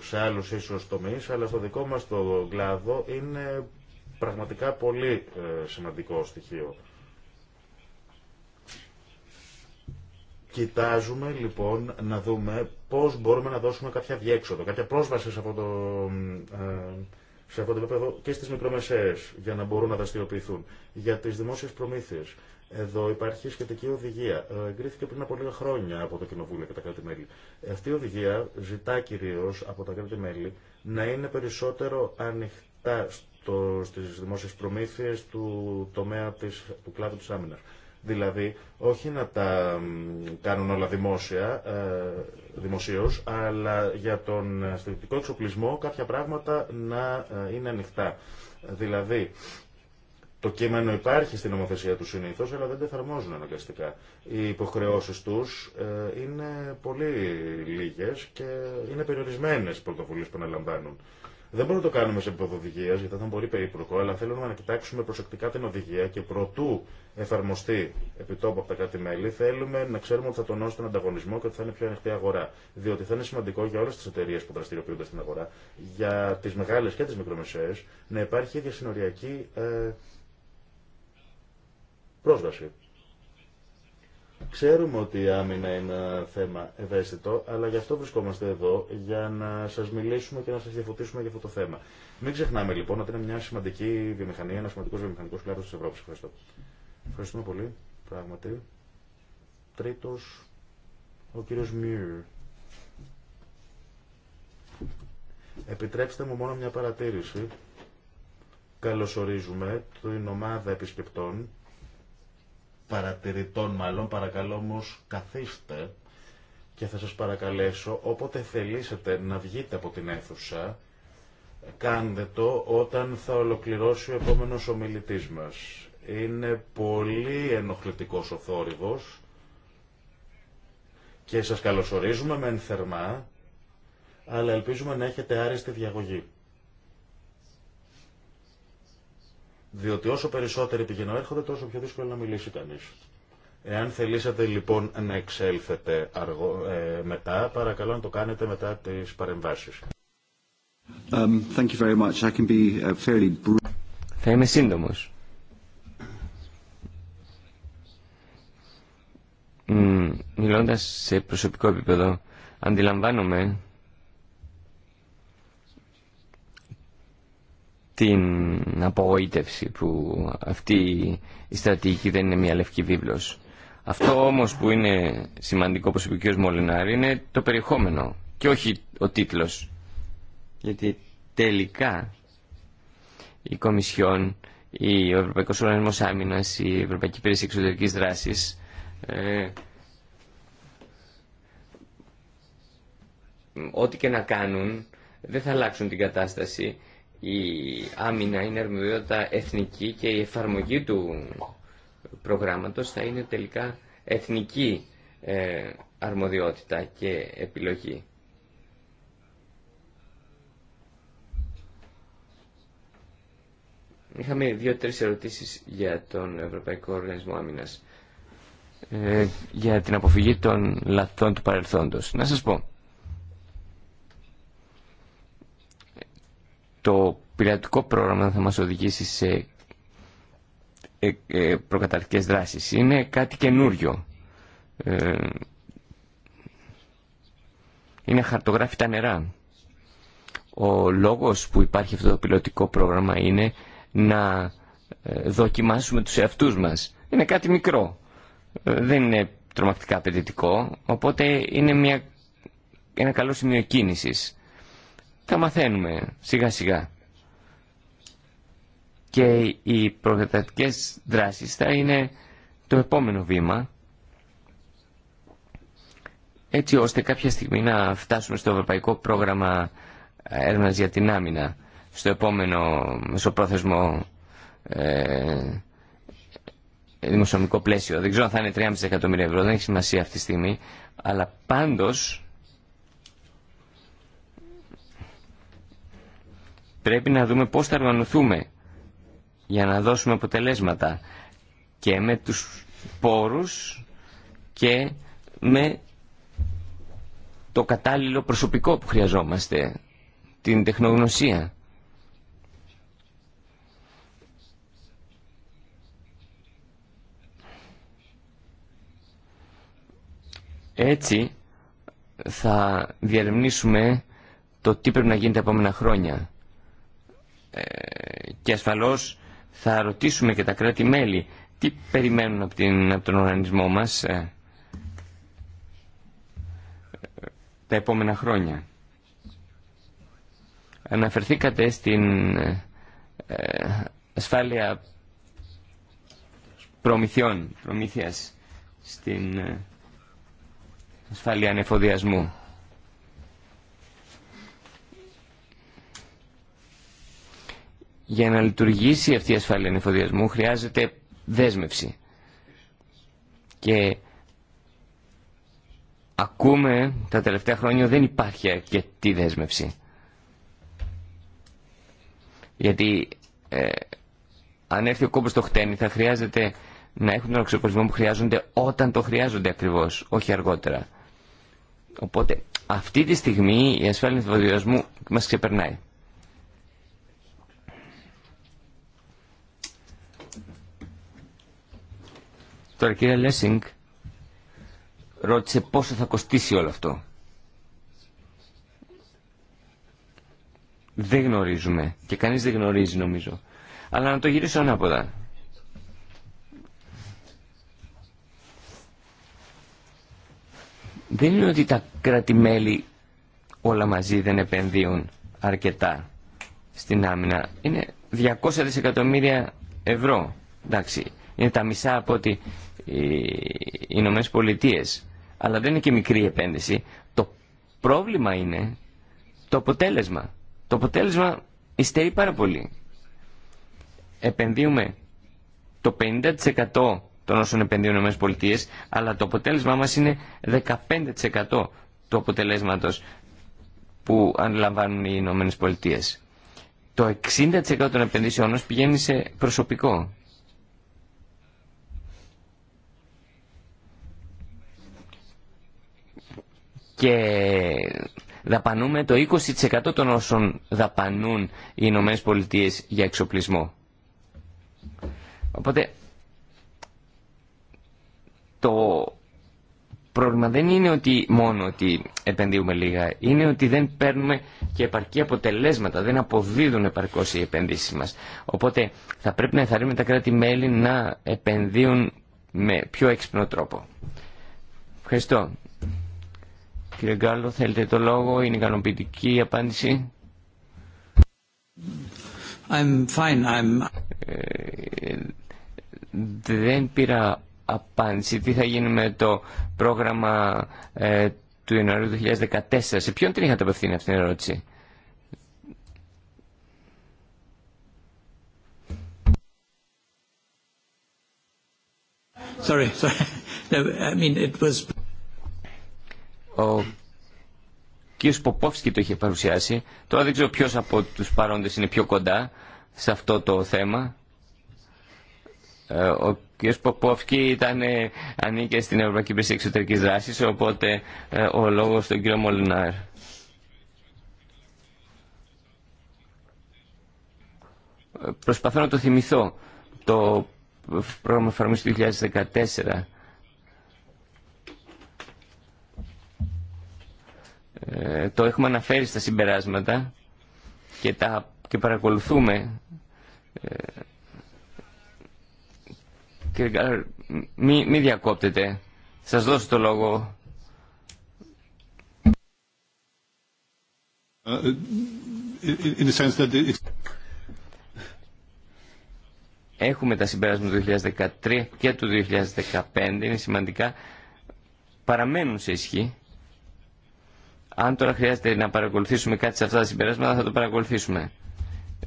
σε άλλους ίσως τομείς, αλλά στο δικό μας το κλάδο είναι πραγματικά πολύ ε, σημαντικό στοιχείο. Κοιτάζουμε λοιπόν να δούμε πώς μπορούμε να δώσουμε κάποια διέξοδο, κάποια πρόσβαση σε αυτό το, ε, σε αυτό επίπεδο και στις μικρομεσαίες για να μπορούν να δραστηριοποιηθούν, για τις δημόσιες προμήθειες. Εδώ υπάρχει σχετική οδηγία. Ε, εγκρίθηκε πριν από λίγα χρόνια από το Κοινοβούλιο και τα κράτη-μέλη. Ε, αυτή η οδηγία ζητά κυρίω από τα κράτη-μέλη να είναι περισσότερο ανοιχτά στι δημοσιε προμήθειε του τομέα της, του κλάδου της άμυνας. Δηλαδή, όχι να τα κάνουν όλα δημόσια, ε, δημοσίω, αλλά για τον στρατιωτικό εξοπλισμό κάποια πράγματα να είναι ανοιχτά. Δηλαδή, το κείμενο υπάρχει στην νομοθεσία του συνήθω, αλλά δεν το εφαρμόζουν αναγκαστικά. Οι υποχρεώσει του ε, είναι πολύ λίγε και είναι περιορισμένε πρωτοβουλίε που αναλαμβάνουν. Δεν μπορούμε να το κάνουμε σε επίπεδο οδηγία, γιατί θα ήταν πολύ περίπλοκο, αλλά θέλουμε να κοιτάξουμε προσεκτικά την οδηγία και προτού εφαρμοστεί επιτόπου από τα κάτι μελη θέλουμε να ξέρουμε ότι θα τονώσει τον ανταγωνισμό και ότι θα είναι πιο ανοιχτή αγορά. Διότι θα είναι σημαντικό για όλε τι εταιρείε που δραστηριοποιούνται στην αγορά, για τι μεγάλε και τι μικρομεσαίε, να υπάρχει διασυνοριακή ε, πρόσβαση. Ξέρουμε ότι η άμυνα είναι ένα θέμα ευαίσθητο, αλλά γι' αυτό βρισκόμαστε εδώ, για να σα μιλήσουμε και να σα διαφωτίσουμε για αυτό το θέμα. Μην ξεχνάμε λοιπόν ότι είναι μια σημαντική βιομηχανία, ένα σημαντικό βιομηχανικό κλάδο τη Ευρώπη. Ευχαριστώ. Ευχαριστούμε πολύ, πράγματι. Τρίτο, ο κύριο Μιουρ. Επιτρέψτε μου μόνο μια παρατήρηση. Καλωσορίζουμε την ομάδα επισκεπτών παρατηρητών μάλλον. Παρακαλώ όμω καθίστε και θα σας παρακαλέσω όποτε θελήσετε να βγείτε από την αίθουσα κάντε το όταν θα ολοκληρώσει ο επόμενος ομιλητής μας. Είναι πολύ ενοχλητικός ο θόρυβος και σας καλωσορίζουμε με θερμά αλλά ελπίζουμε να έχετε άριστη διαγωγή. Διότι όσο περισσότεροι πηγαίνουν έρχονται, τόσο πιο δύσκολο να μιλήσει κανεί. Εάν θελήσατε λοιπόν να εξέλθετε ε, μετά, παρακαλώ να το κάνετε μετά τις παρεμβάσει. Um, uh, fairly... Θα είμαι σύντομο. Μιλώντας σε προσωπικό επίπεδο, αντιλαμβάνομαι την απογοήτευση που αυτή η στρατηγική δεν είναι μια λευκή βίβλος. Αυτό όμως που είναι σημαντικό όπως είπε ο κ. Μολυνάρη είναι το περιεχόμενο και όχι ο τίτλος. Γιατί τελικά η Κομισιόν, η, ο Ευρωπαϊκός Οργανισμός Άμυνας, η Ευρωπαϊκή Υπηρεσία Εξωτερικής Δράσης ε, ό,τι και να κάνουν δεν θα αλλάξουν την κατάσταση η άμυνα είναι αρμοδιότητα εθνική και η εφαρμογή του προγράμματος θα είναι τελικά εθνική ε, αρμοδιότητα και επιλογή. Είχαμε δύο-τρεις ερωτήσεις για τον Ευρωπαϊκό Οργανισμό Άμυνας ε, για την αποφυγή των λαθών του παρελθόντος. Να σας πω. το πειρατικό πρόγραμμα θα μας οδηγήσει σε ε, ε, προκαταρκτικές δράσεις. Είναι κάτι καινούριο. Ε, είναι χαρτογράφητα νερά. Ο λόγος που υπάρχει αυτό το πιλωτικό πρόγραμμα είναι να δοκιμάσουμε τους εαυτούς μας. Είναι κάτι μικρό. Δεν είναι τρομακτικά απαιτητικό, οπότε είναι μια, ένα καλό σημείο κίνησης τα μαθαίνουμε σιγά σιγά. Και οι προκατατικές δράσεις θα είναι το επόμενο βήμα έτσι ώστε κάποια στιγμή να φτάσουμε στο ευρωπαϊκό πρόγραμμα ε, έρευνας για την άμυνα στο επόμενο μεσοπρόθεσμο ε, δημοσιονομικό πλαίσιο. Δεν ξέρω αν θα είναι 3,5 εκατομμύρια ευρώ, δεν έχει σημασία αυτή τη στιγμή, αλλά πάντως Πρέπει να δούμε πώς θα οργανωθούμε για να δώσουμε αποτελέσματα και με τους πόρους και με το κατάλληλο προσωπικό που χρειαζόμαστε, την τεχνογνωσία. Έτσι θα διαρευνήσουμε το τι πρέπει να γίνει τα επόμενα χρόνια. Ε, και ασφαλώς θα ρωτήσουμε και τα κράτη-μέλη τι περιμένουν από, την, από τον οργανισμό μας ε, τα επόμενα χρόνια. Αναφερθήκατε στην ε, ασφάλεια προμηθειών, προμήθειας, στην ασφάλεια ανεφοδιασμού. Για να λειτουργήσει αυτή η ασφάλεια ανεφοδιασμού χρειάζεται δέσμευση. Και ακούμε τα τελευταία χρόνια δεν υπάρχει αρκετή δέσμευση. Γιατί ε, αν έρθει ο κόμπος το χτένι θα χρειάζεται να έχουν τον εξοπλισμό που χρειάζονται όταν το χρειάζονται ακριβώς, όχι αργότερα. Οπότε αυτή τη στιγμή η ασφάλεια ανεφοδιασμού μας ξεπερνάει. Τώρα κύριε κυρία Λέσσινγκ ρώτησε πόσο θα κοστίσει όλο αυτό. Δεν γνωρίζουμε και κανείς δεν γνωρίζει νομίζω. Αλλά να το γυρίσω ανάποδα. Δεν είναι ότι τα κράτη-μέλη όλα μαζί δεν επενδύουν αρκετά στην άμυνα. Είναι 200 δισεκατομμύρια ευρώ. Εντάξει, είναι τα μισά από ότι οι Ηνωμένε Πολιτείε. Αλλά δεν είναι και μικρή επένδυση. Το πρόβλημα είναι το αποτέλεσμα. Το αποτέλεσμα υστερεί πάρα πολύ. Επενδύουμε το 50% των όσων επενδύουν οι Πολιτείες αλλά το αποτέλεσμά μας είναι 15% του αποτελέσματος που ανελαμβάνουν οι Ηνωμένε Πολιτείε. Το 60% των επενδύσεων πηγαίνει σε προσωπικό. και δαπανούμε το 20% των όσων δαπανούν οι Ηνωμένες Πολιτείες για εξοπλισμό. Οπότε το πρόβλημα δεν είναι ότι μόνο ότι επενδύουμε λίγα, είναι ότι δεν παίρνουμε και επαρκή αποτελέσματα, δεν αποδίδουν επαρκώς οι επενδύσεις μας. Οπότε θα πρέπει να ενθαρρύνουμε τα κράτη-μέλη να επενδύουν με πιο έξυπνο τρόπο. Ευχαριστώ. Κύριε Γκάλλο, θέλετε το λόγο, είναι ικανοποιητική η απάντηση. I'm fine. I'm... Ε, δεν πήρα απάντηση. Τι θα γίνει με το πρόγραμμα ε, του Ιανουαρίου 2014. Σε ποιον την είχατε απευθύνει αυτήν την ερώτηση. Sorry, sorry. *laughs* No, I mean it was... Ο κ. Ποπόφσκι το είχε παρουσιάσει. Τώρα δεν ξέρω ποιο από τους παρόντες είναι πιο κοντά σε αυτό το θέμα. Ε, ο κ. Ποπόφσκι ήταν, ε, ανήκε στην Ευρωπαϊκή Υπηρεσία Εξωτερικής οπότε ε, ο λόγος στον κ. Μολυνάρ. Προσπαθώ να το θυμηθώ. Το πρόγραμμα εφαρμογή του 2014 Ε, το έχουμε αναφέρει στα συμπεράσματα και, τα, και παρακολουθούμε. Ε, κύριε μη, μη διακόπτετε. Σας δώσω το λόγο. Ε, ε, έχουμε τα συμπέρασματα του 2013 και του 2015, είναι σημαντικά, παραμένουν σε ισχύ. Αν τώρα χρειάζεται να παρακολουθήσουμε κάτι σε αυτά τα συμπεράσματα θα το παρακολουθήσουμε.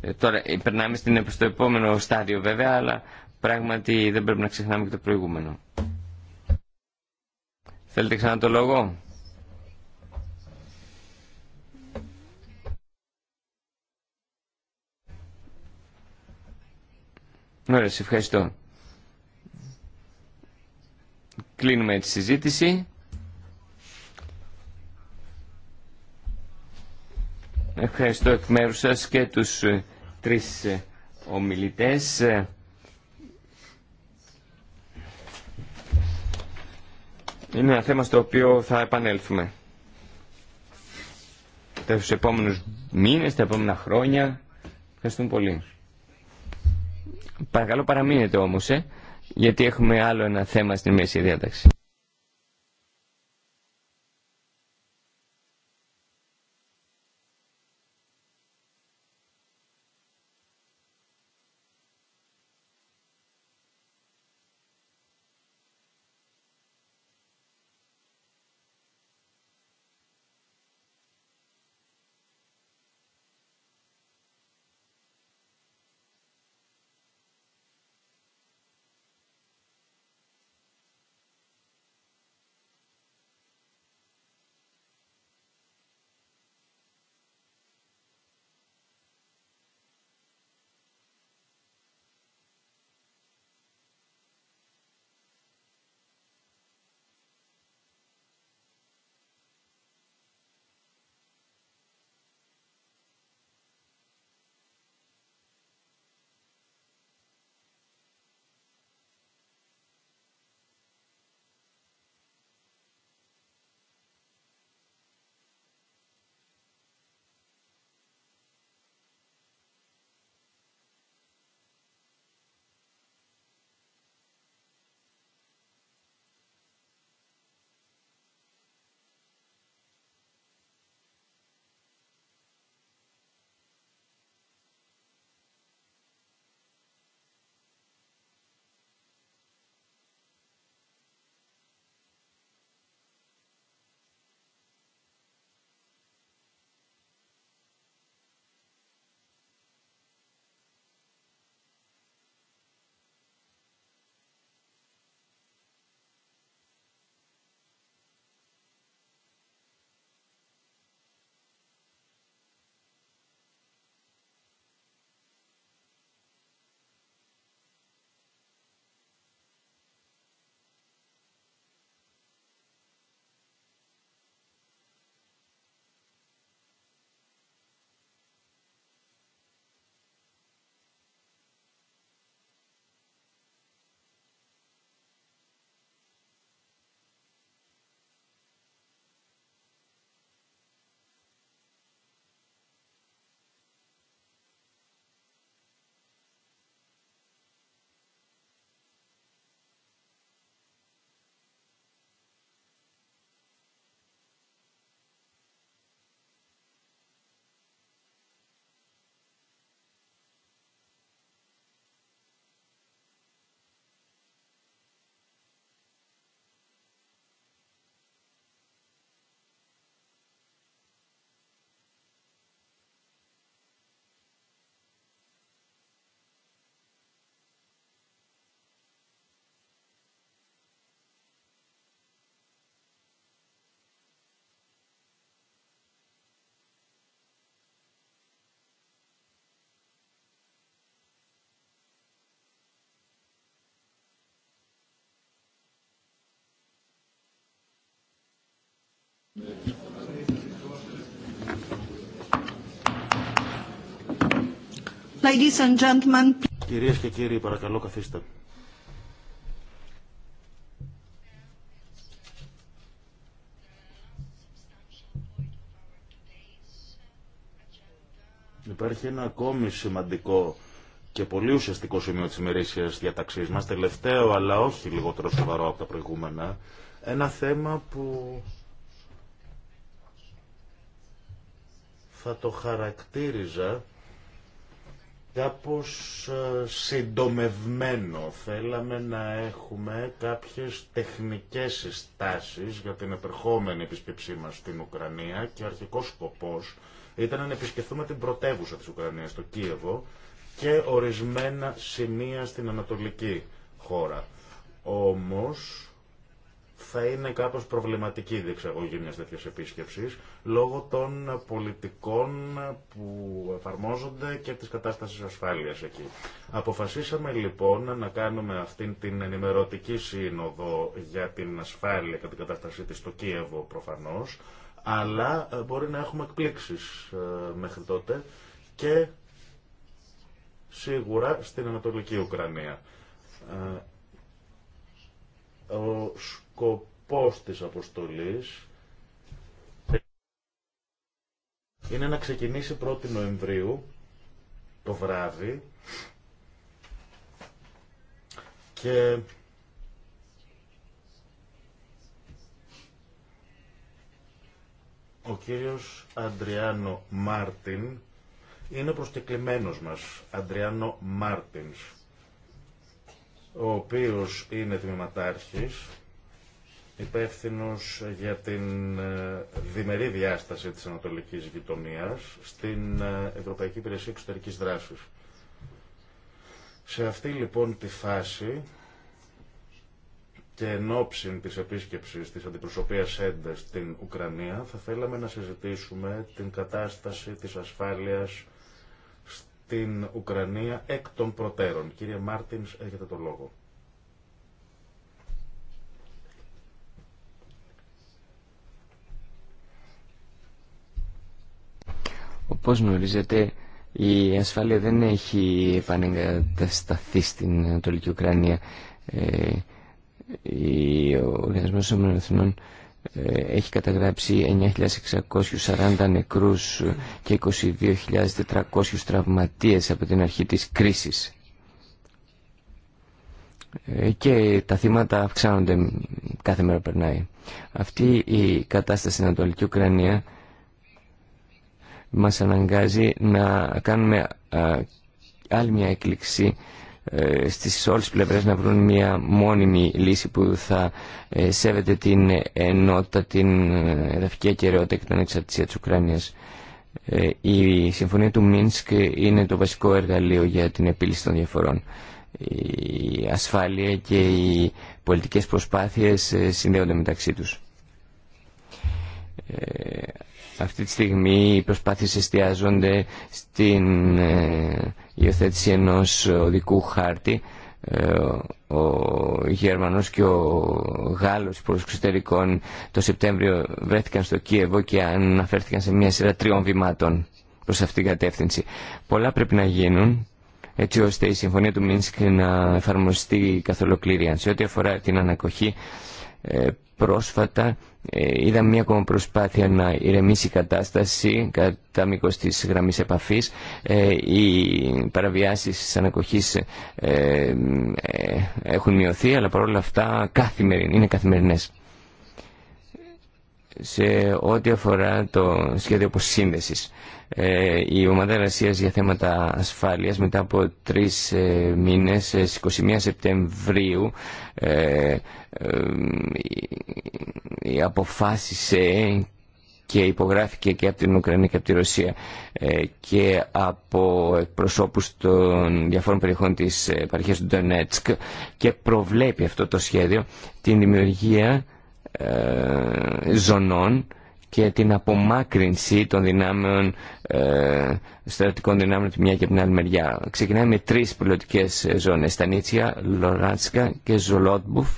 Ε, τώρα ε, περνάμε στο επόμενο στάδιο βέβαια, αλλά πράγματι δεν πρέπει να ξεχνάμε και το προηγούμενο. Θέλετε ξανά το λόγο. Ωραία, σε ευχαριστώ. Κλείνουμε τη συζήτηση. Ευχαριστώ εκ μέρου σα και τους ε, τρει ε, ομιλητέ. Ε, είναι ένα θέμα στο οποίο θα επανέλθουμε. του επόμενου μήνε, τα επόμενα χρόνια. Ευχαριστούμε πολύ. Παρακαλώ παραμείνετε όμως, γιατί έχουμε άλλο ένα θέμα στην μέση διάταξη. Ladies Κυρίες και κύριοι, παρακαλώ καθίστε. Υπάρχει ένα ακόμη σημαντικό και πολύ ουσιαστικό σημείο της ημερήσιας διαταξής μας, τελευταίο αλλά όχι λιγότερο σοβαρό από τα προηγούμενα, ένα θέμα που θα το χαρακτήριζα κάπως ε, συντομευμένο. Θέλαμε να έχουμε κάποιες τεχνικές συστάσεις για την επερχόμενη επισκεψή μας στην Ουκρανία και ο αρχικός σκοπός ήταν να επισκεφθούμε την πρωτεύουσα της Ουκρανίας, το Κίεβο, και ορισμένα σημεία στην Ανατολική χώρα. Όμως, θα είναι κάπω προβληματική η διεξαγωγή μια τέτοια επίσκεψη λόγω των πολιτικών που εφαρμόζονται και τη κατάσταση ασφάλεια εκεί. Αποφασίσαμε λοιπόν να κάνουμε αυτήν την ενημερωτική σύνοδο για την ασφάλεια και την κατάστασή της στο Κίεβο προφανώ, αλλά ε, μπορεί να έχουμε εκπλήξει ε, μέχρι τότε και σίγουρα στην Ανατολική Ουκρανία ε, ο σκοπός της αποστολής είναι να ξεκινήσει 1η Νοεμβρίου το βράδυ και ο κύριος Αντριάνο Μάρτιν είναι προσκεκλημένος μας, Αντριάνο Μάρτινς ο οποίος είναι τμήματάρχης, υπεύθυνο για την ε, διμερή διάσταση της Ανατολικής Γειτονίας στην ε, Ευρωπαϊκή Υπηρεσία Εξωτερικής Δράσης. Σε αυτή λοιπόν τη φάση και εν ώψη της επίσκεψης της αντιπροσωπείας ΕΝΤΕ στην Ουκρανία θα θέλαμε να συζητήσουμε την κατάσταση της ασφάλειας την Ουκρανία εκ των προτέρων. Κύριε Μάρτινς, έχετε το λόγο. Όπως γνωρίζετε, η ασφάλεια δεν έχει επανεγκατασταθεί στην Ανατολική Ουκρανία. Ε, ο Οργανισμός των Εθνών ε, έχει καταγράψει 9.640 νεκρούς και 22.400 τραυματίες από την αρχή της κρίσης. Ε, και τα θύματα αυξάνονται κάθε μέρα περνάει. Αυτή η κατάσταση στην Ανατολική Ουκρανία μας αναγκάζει να κάνουμε άλλη μια έκκληση ε, στις όλες τις πλευρές να βρουν μια μόνιμη λύση που θα ε, σέβεται την ενότητα, την ε, εδαφική ακαιρεότητα και την ανεξαρτησία της Ουκρανίας. Η συμφωνία του Μίνσκ είναι το βασικό εργαλείο για την επίλυση των διαφορών. Η ασφάλεια και οι πολιτικές προσπάθειες συνδέονται μεταξύ τους. Αυτή τη στιγμή οι προσπάθειες εστιάζονται στην υιοθέτηση ενός οδικού χάρτη ε, ο Γερμανός και ο Γάλλος προς εξωτερικών το Σεπτέμβριο βρέθηκαν στο Κίεβο και αναφέρθηκαν σε μια σειρά τριών βημάτων προς αυτήν την κατεύθυνση. Πολλά πρέπει να γίνουν έτσι ώστε η συμφωνία του Μίνσκ να εφαρμοστεί καθ' ολοκλήρια. Σε ό,τι αφορά την ανακοχή ε, Πρόσφατα ε, είδαμε μία ακόμα προσπάθεια να ηρεμήσει η κατάσταση κατά μήκο τη γραμμή επαφή. Ε, οι παραβιάσει τη ανακοχή ε, έχουν μειωθεί, αλλά παρόλα αυτά είναι καθημερινές σε ό,τι αφορά το σχέδιο αποσύνδεσης. Ε, η ομάδα εργασία για θέματα ασφάλειας μετά από τρεις ε, μήνες, ε, στις 21 Σεπτεμβρίου, αποφάσισε και υπογράφηκε και από την Ουκρανία και από τη Ρωσία και από εκπροσώπους των διαφόρων περιοχών της επαρχίας του Ντονέτσκ και προβλέπει αυτό το σχέδιο την δημιουργία ε, ζωνών και την απομάκρυνση των δυνάμεων, ε, στρατικών δυνάμεων τη μια και από την άλλη μεριά. Ξεκινάμε με τρεις πολιτικές ζώνες, Στανίτσια, Λοράτσκα και Ζολότμπουφ,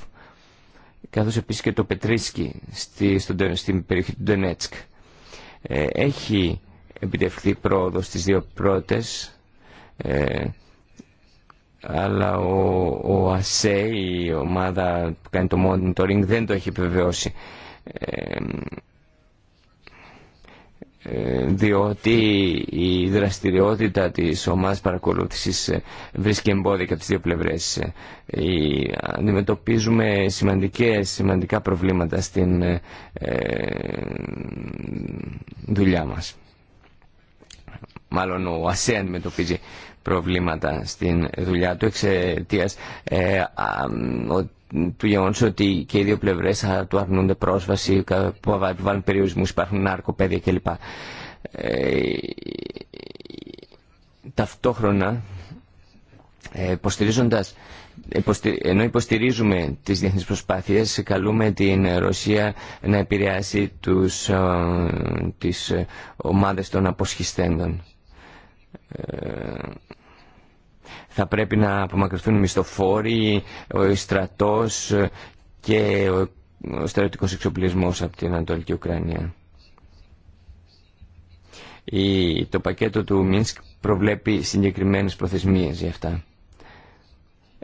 Καθώ επίσης και το Πετρίσκι στη, στον, στην περιοχή του Ντονέτσκ. Ε, έχει επιτευχθεί πρόοδο στις δύο πρώτες, ε, αλλά ο, ο ΑΣΕ, η ομάδα που κάνει το monitoring, δεν το έχει επιβεβαιώσει. Ε, διότι η δραστηριότητα της ομάδας παρακολούθησης ε, βρίσκει εμπόδια και από τις δύο πλευρές. Ε, αντιμετωπίζουμε σημαντικές, σημαντικά προβλήματα στην δουλειά μας. Μάλλον ο ΑΣΕ αντιμετωπίζει προβλήματα στην δουλειά του εξαιτία ε, του γεγονό ότι και οι δύο πλευρέ του αρνούνται πρόσβαση, που βάλουν περιορισμού, υπάρχουν ναρκοπαίδια κλπ. Ε, ταυτόχρονα, ε, υποστηρίζοντας ενώ υποστηρίζουμε τις διεθνείς προσπάθειες καλούμε την Ρωσία να επηρεάσει τους, ε, τις ομάδες των αποσχιστέντων ε, θα πρέπει να απομακρυνθούν οι μισθοφόροι, ο στρατός και ο, στρατιωτικό στρατιωτικός εξοπλισμός από την Ανατολική Ουκρανία. Η, το πακέτο του Μίνσκ προβλέπει συγκεκριμένες προθεσμίες για αυτά.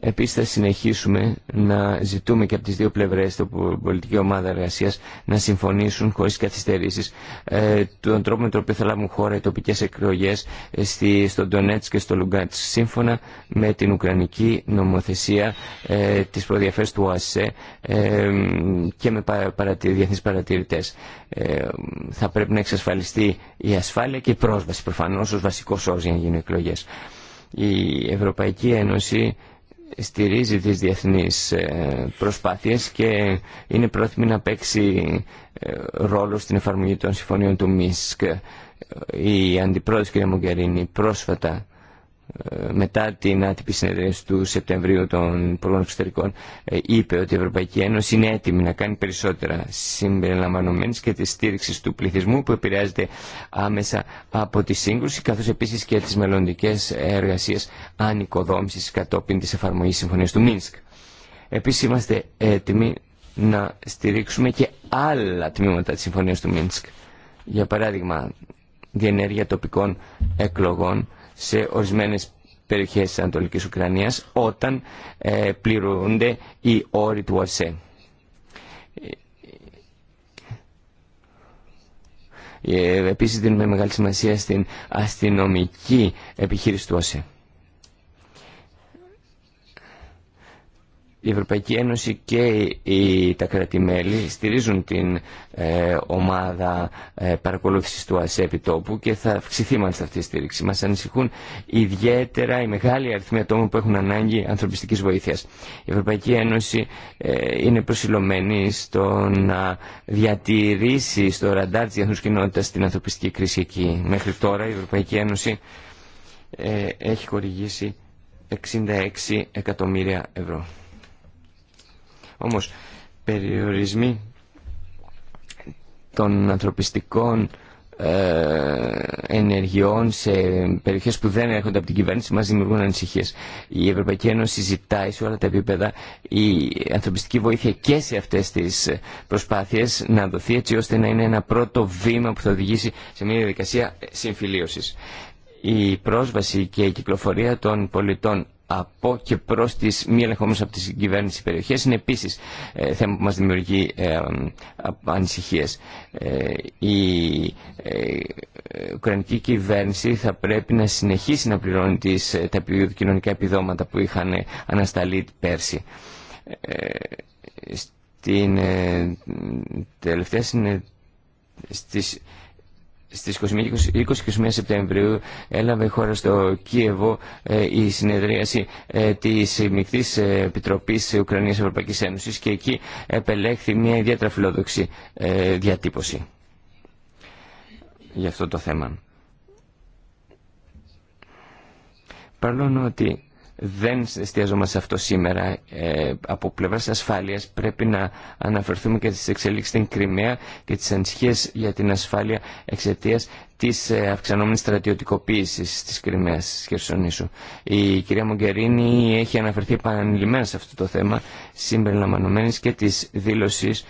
Επίσης θα συνεχίσουμε να ζητούμε και από τις δύο πλευρές του πολιτική ομάδα εργασία να συμφωνήσουν χωρίς καθυστερήσεις ε, τον τρόπο με τον οποίο θα λάβουν χώρα οι τοπικές εκλογές ε, στη, στο Ντονέτς και στο Λουγκάτς σύμφωνα με την Ουκρανική νομοθεσία ε, της προδιαφέρειας του ΟΑΣΕ ε, και με διεθνεί διεθνείς παρατηρητές. Ε, θα πρέπει να εξασφαλιστεί η ασφάλεια και η πρόσβαση προφανώς ως βασικός όρος για να γίνουν εκλογές. Η Ευρωπαϊκή Ένωση στηρίζει τις διεθνείς ε, προσπάθειες και είναι πρόθυμη να παίξει ε, ρόλο στην εφαρμογή των συμφωνίων του ΜΙΣΚ. Ε, η Αντιπρόεδρος κ. Μογκερίνη πρόσφατα ε, μετά την άτυπη συνεδρίαση του Σεπτεμβρίου των Υπουργών Εξωτερικών ε, είπε ότι η Ευρωπαϊκή Ένωση είναι έτοιμη να κάνει περισσότερα συμπεριλαμβανομένη και τη στήριξη του πληθυσμού που επηρεάζεται άμεσα από τη σύγκρουση καθώς επίσης και τις μελλοντικέ εργασίες ανοικοδόμησης κατόπιν της εφαρμογής συμφωνίας του Μίνσκ. Επίσης είμαστε έτοιμοι να στηρίξουμε και άλλα τμήματα της Συμφωνία του Μίνσκ. Για παράδειγμα, διενέργεια τοπικών εκλογών σε ορισμένες περιοχές της Ανατολικής Ουκρανίας όταν ε, πληρούνται οι όροι του ΟΣΕ. Ε, επίσης δίνουμε μεγάλη σημασία στην αστυνομική επιχείρηση του ΟΣΕ. η Ευρωπαϊκή Ένωση και οι, τα κράτη-μέλη στηρίζουν την ε, ομάδα ε, παρακολούθησης του ΑΣΕΠΗ τόπου και θα αυξηθεί μάλιστα αυτή η στήριξη. Μας ανησυχούν ιδιαίτερα οι μεγάλοι αριθμοί ατόμων που έχουν ανάγκη ανθρωπιστικής βοήθειας. Η Ευρωπαϊκή Ένωση ε, είναι προσιλωμένη στο να διατηρήσει στο ραντάρ της διεθνούς κοινότητας την ανθρωπιστική κρίση εκεί. Μέχρι τώρα η Ευρωπαϊκή Ένωση ε, έχει χορηγήσει 66 εκατομμύρια ευρώ. Όμως περιορισμοί των ανθρωπιστικών ε, ενεργειών σε περιοχές που δεν έρχονται από την κυβέρνηση μας δημιουργούν ανησυχίες. Η Ευρωπαϊκή Ένωση ζητάει σε όλα τα επίπεδα η ανθρωπιστική βοήθεια και σε αυτές τις προσπάθειες να δοθεί έτσι ώστε να είναι ένα πρώτο βήμα που θα οδηγήσει σε μια διαδικασία συμφιλίωσης. Η πρόσβαση και η κυκλοφορία των πολιτών από και προς τις μη ελεγχόμενες από τις κυβέρνηση περιοχές είναι επίσης ε, θέμα που μας δημιουργεί ανησυχίε. ανησυχίες. Ε, η ε, Ουκρανική κυβέρνηση θα πρέπει να συνεχίσει να πληρώνει τις, τα κοινωνικά επιδόματα που είχαν ανασταλεί πέρσι. Στην τελευταία στις στις 20 και 21 Σεπτεμβρίου έλαβε η χώρα στο Κίεβο ε, η συνεδρίαση ε, της Μικτής Επιτροπής Ουκρανίας Ευρωπαϊκής Ένωσης και εκεί επελέχθη μια ιδιαίτερα φιλόδοξη ε, διατύπωση για αυτό το θέμα. Παρόλο ότι δεν εστιαζόμαστε σε αυτό σήμερα. Ε, από πλευρά ασφάλεια, πρέπει να αναφερθούμε και στι εξελίξει στην Κρυμαία και τι ανησυχίε για την ασφάλεια εξαιτία της ε, αυξανόμενη στρατιωτικοποίηση της Κρυμαία τη Χερσονήσου. Η κυρία Μογκερίνη έχει αναφερθεί επανειλημμένα σε αυτό το θέμα, συμπεριλαμβάνωμένη και της δήλωσης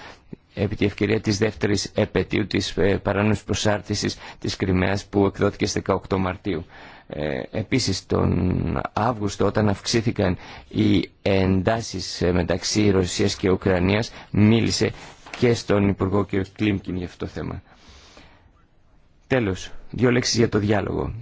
επί τη ευκαιρία της δεύτερης επαιτίου της ε, παράνομης προσάρτησης της Κρυμαίας που εκδόθηκε στις 18 Μαρτίου. Ε, επίσης τον Αύγουστο όταν αυξήθηκαν οι εντάσεις ε, μεταξύ Ρωσίας και Ουκρανίας μίλησε και στον Υπουργό κ. Κλίμκιν για αυτό το θέμα. Τέλος, δύο λέξεις για το διάλογο.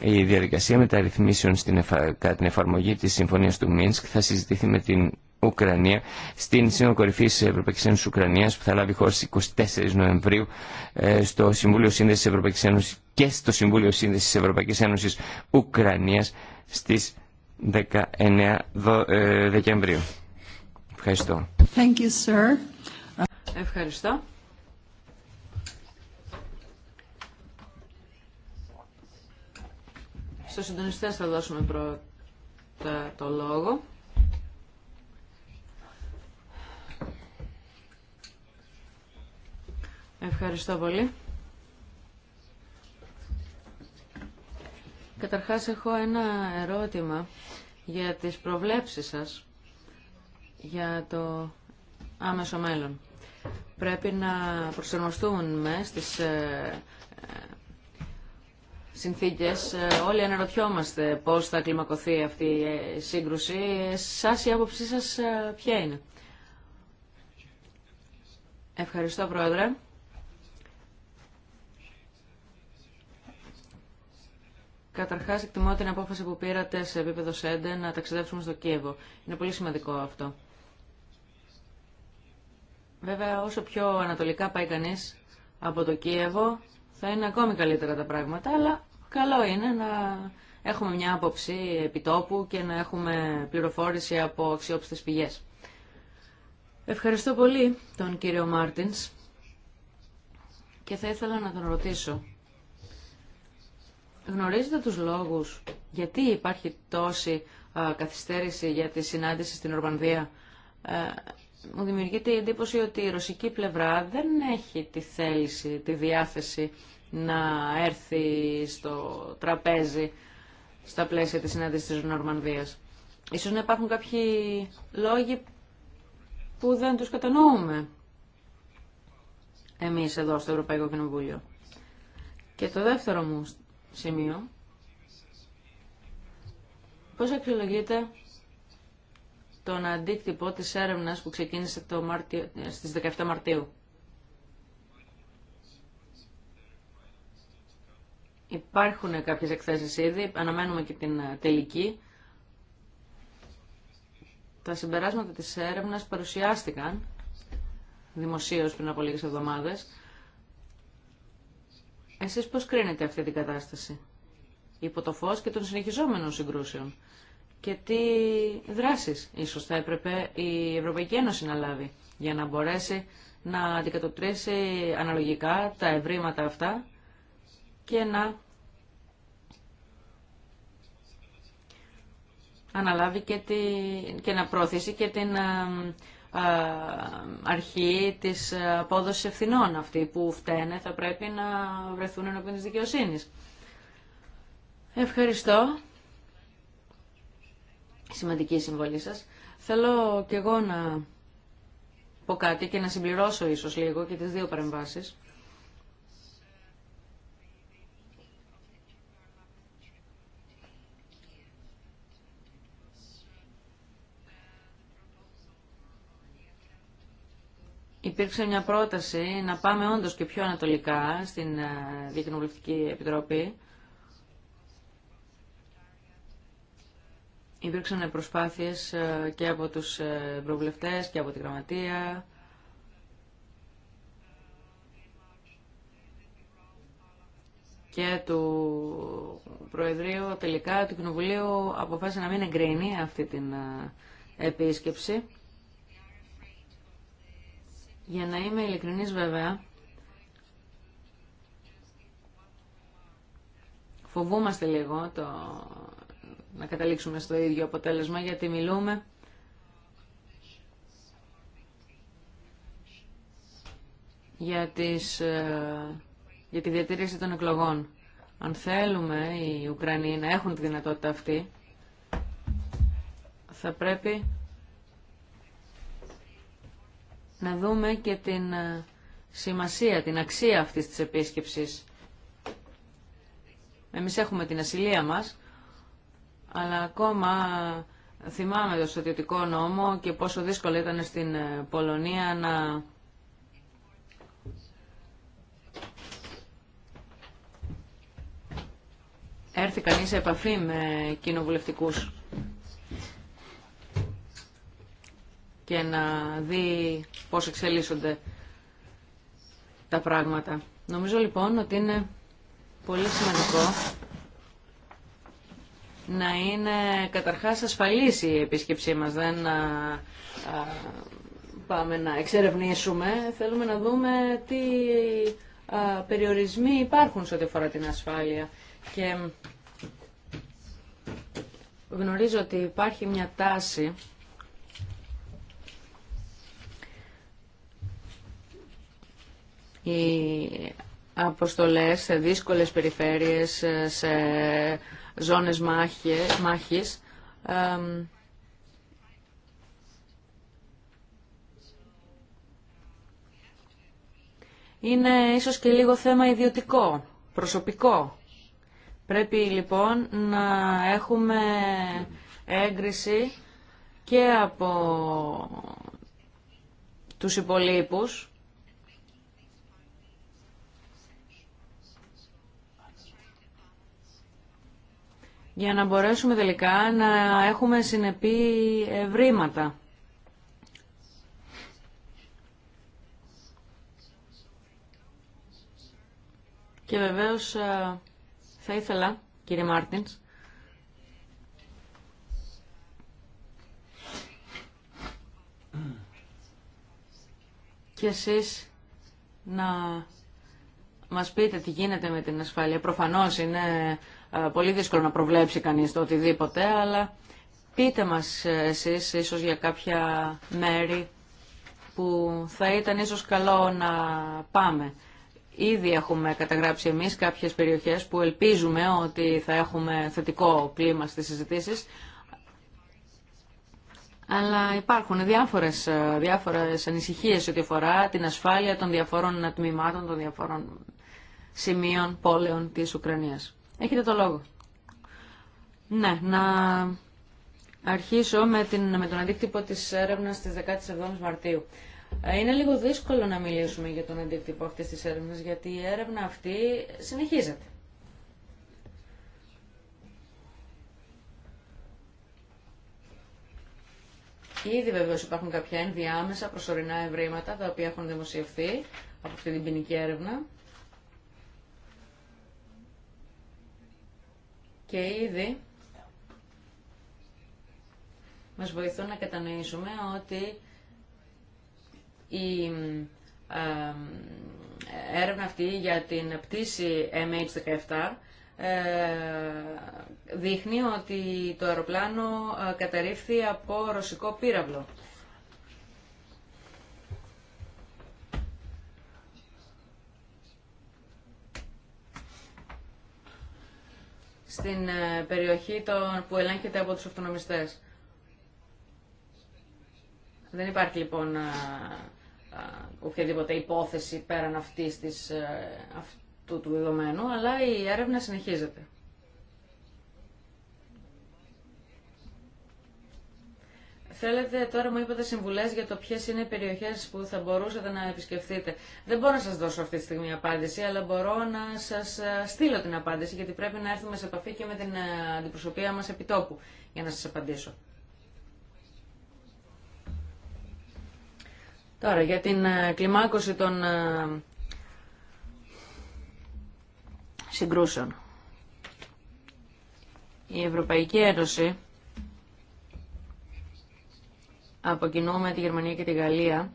Η διαδικασία μεταρρυθμίσεων στην κατά την εφαρμογή της Συμφωνίας του Μίνσκ θα συζητηθεί με την Ουκρανία στην Σύνοδο Κορυφή Ευρωπαϊκή Ένωση Ουκρανία που θα λάβει χώρα 24 Νοεμβρίου ε, στο Συμβούλιο Σύνδεση Ευρωπαϊκή Ένωση και στο Συμβούλιο Σύνδεση Ευρωπαϊκή Ένωση Ουκρανία στι 19 ε, Δεκεμβρίου. Ευχαριστώ. Thank you, sir. Ευχαριστώ. Στο συντονιστές θα δώσουμε πρώτα το λόγο. Ευχαριστώ πολύ. Καταρχάς έχω ένα ερώτημα για τις προβλέψεις σας για το άμεσο μέλλον. Πρέπει να προσαρμοστούμε στις ε, ε, συνθήκες. Όλοι αναρωτιόμαστε πώς θα κλιμακωθεί αυτή η ε, σύγκρουση. Σας η άποψή σας ποια είναι. Ευχαριστώ Πρόεδρε. Καταρχάς, εκτιμώ την απόφαση που πήρατε σε επίπεδο ΣΕΝΤΕ να ταξιδέψουμε στο Κίεβο. Είναι πολύ σημαντικό αυτό. Βέβαια, όσο πιο ανατολικά πάει κανείς από το Κίεβο, θα είναι ακόμη καλύτερα τα πράγματα, αλλά καλό είναι να έχουμε μια άποψη επιτόπου και να έχουμε πληροφόρηση από αξιόπιστες πηγές. Ευχαριστώ πολύ τον κύριο Μάρτινς και θα ήθελα να τον ρωτήσω Γνωρίζετε τους λόγους γιατί υπάρχει τόση καθυστέρηση για τη συνάντηση στην Ορμανδία. Ε, μου δημιουργείται η εντύπωση ότι η ρωσική πλευρά δεν έχει τη θέληση, τη διάθεση να έρθει στο τραπέζι στα πλαίσια της συνάντησης της Νορμανδίας. Ίσως να υπάρχουν κάποιοι λόγοι που δεν τους κατανοούμε εμείς εδώ στο Ευρωπαϊκό Κοινοβούλιο. Και το δεύτερο μου σημείο. Πώς αξιολογείται τον αντίκτυπο της έρευνας που ξεκίνησε το Μάρτιο, στις 17 Μαρτίου. Υπάρχουν κάποιες εκθέσεις ήδη, αναμένουμε και την ε, τελική. Τα συμπεράσματα της έρευνας παρουσιάστηκαν δημοσίως πριν από λίγες εβδομάδες. Εσείς πώς κρίνετε αυτή την κατάσταση υπό το φως και των συνεχιζόμενων συγκρούσεων και τι δράσεις ίσως θα έπρεπε η Ευρωπαϊκή Ένωση να λάβει για να μπορέσει να αντικατοπτρίσει αναλογικά τα ευρήματα αυτά και να αναλάβει και, τη, και να προωθήσει και την ε, ε, αρχή της απόδοσης ευθυνών. αυτή που φταίνε θα πρέπει να βρεθούν ενώπιον της δικαιοσύνης. Ευχαριστώ. Σημαντική συμβολή σας. Θέλω και εγώ να πω κάτι και να συμπληρώσω ίσως λίγο και τις δύο παρεμβάσεις. υπήρξε μια πρόταση να πάμε όντω και πιο ανατολικά στην ε, Διακοινοβουλευτική Επιτροπή. Υπήρξαν προσπάθειες ε, και από τους προβλευτές ε, και από τη Γραμματεία. και του Προεδρείου τελικά του Κοινοβουλίου αποφάσισε να μην εγκρίνει αυτή την επίσκεψη. Για να είμαι ειλικρινής βέβαια, φοβούμαστε λίγο το... να καταλήξουμε στο ίδιο αποτέλεσμα γιατί μιλούμε για, τις... Ε, για τη διατήρηση των εκλογών. Αν θέλουμε οι Ουκρανοί να έχουν τη δυνατότητα αυτή, θα πρέπει να δούμε και την ε, σημασία, την αξία αυτής της επίσκεψης. Εμείς έχουμε την ασυλία μας, αλλά ακόμα ε, θυμάμαι το στρατιωτικό νόμο και πόσο δύσκολο ήταν στην ε, Πολωνία να έρθει κανείς σε επαφή με κοινοβουλευτικούς και να δει πώς εξελίσσονται τα πράγματα. Νομίζω λοιπόν ότι είναι πολύ σημαντικό να είναι καταρχάς ασφαλής η επίσκεψή μας, δεν πάμε να εξερευνήσουμε, θέλουμε να δούμε τι περιορισμοί υπάρχουν σε ό,τι αφορά την ασφάλεια. Και γνωρίζω ότι υπάρχει μια τάση οι αποστολές σε δύσκολες περιφέρειες, σε ζώνες μάχης. Είναι ίσως και λίγο θέμα ιδιωτικό, προσωπικό. Πρέπει λοιπόν να έχουμε έγκριση και από τους υπολείπους για να μπορέσουμε τελικά να έχουμε συνεπή ευρήματα. Και βεβαίως θα ήθελα, κύριε Μάρτινς, και εσείς να μας πείτε τι γίνεται με την ασφάλεια. Προφανώς είναι ε, πολύ δύσκολο να προβλέψει κανείς το οτιδήποτε, αλλά πείτε μας ε, εσείς ίσως για κάποια μέρη που θα ήταν ίσως καλό να πάμε. Ήδη έχουμε καταγράψει εμείς κάποιες περιοχές που ελπίζουμε ότι θα έχουμε θετικό κλίμα στις συζητήσεις, αλλά υπάρχουν διάφορες, ε, διάφορες ανησυχίες ό,τι αφορά την ασφάλεια των διαφόρων τμήματων, των διαφόρων σημείων, πόλεων της Ουκρανίας. Έχετε το λόγο. Ναι, να αρχίσω με, την, με τον αντίκτυπο της έρευνας της 17ης Μαρτίου. Ε, είναι λίγο δύσκολο να μιλήσουμε για τον αντίκτυπο αυτής της έρευνας, γιατί η έρευνα αυτή συνεχίζεται. Ήδη βεβαίω υπάρχουν κάποια ενδιάμεσα προσωρινά ευρήματα τα οποία έχουν δημοσιευθεί από αυτή την ποινική έρευνα. και ήδη μας βοηθούν να κατανοήσουμε ότι η έρευνα αυτή για την πτήση MH17 ε, δείχνει ότι το αεροπλάνο ε, καταρρίφθη από ρωσικό πύραυλο. στην ε, περιοχή των, που ελέγχεται από τους αυτονομιστές. Δεν υπάρχει λοιπόν ε, ε, οποιαδήποτε υπόθεση πέραν αυτής της, αυτού του δεδομένου, αλλά η έρευνα συνεχίζεται. θέλετε, τώρα μου είπατε συμβουλές για το ποιες είναι οι περιοχές που θα μπορούσατε να επισκεφθείτε. Δεν μπορώ να σας δώσω αυτή τη στιγμή απάντηση, αλλά μπορώ να σας ε, στείλω την απάντηση, γιατί πρέπει να έρθουμε σε επαφή και με την ε, αντιπροσωπεία μας επιτόπου, για να σας απαντήσω. Τώρα, για την ε, κλιμάκωση των συγκρούσεων. Η Ευρωπαϊκή Ένωση από τη Γερμανία και τη Γαλλία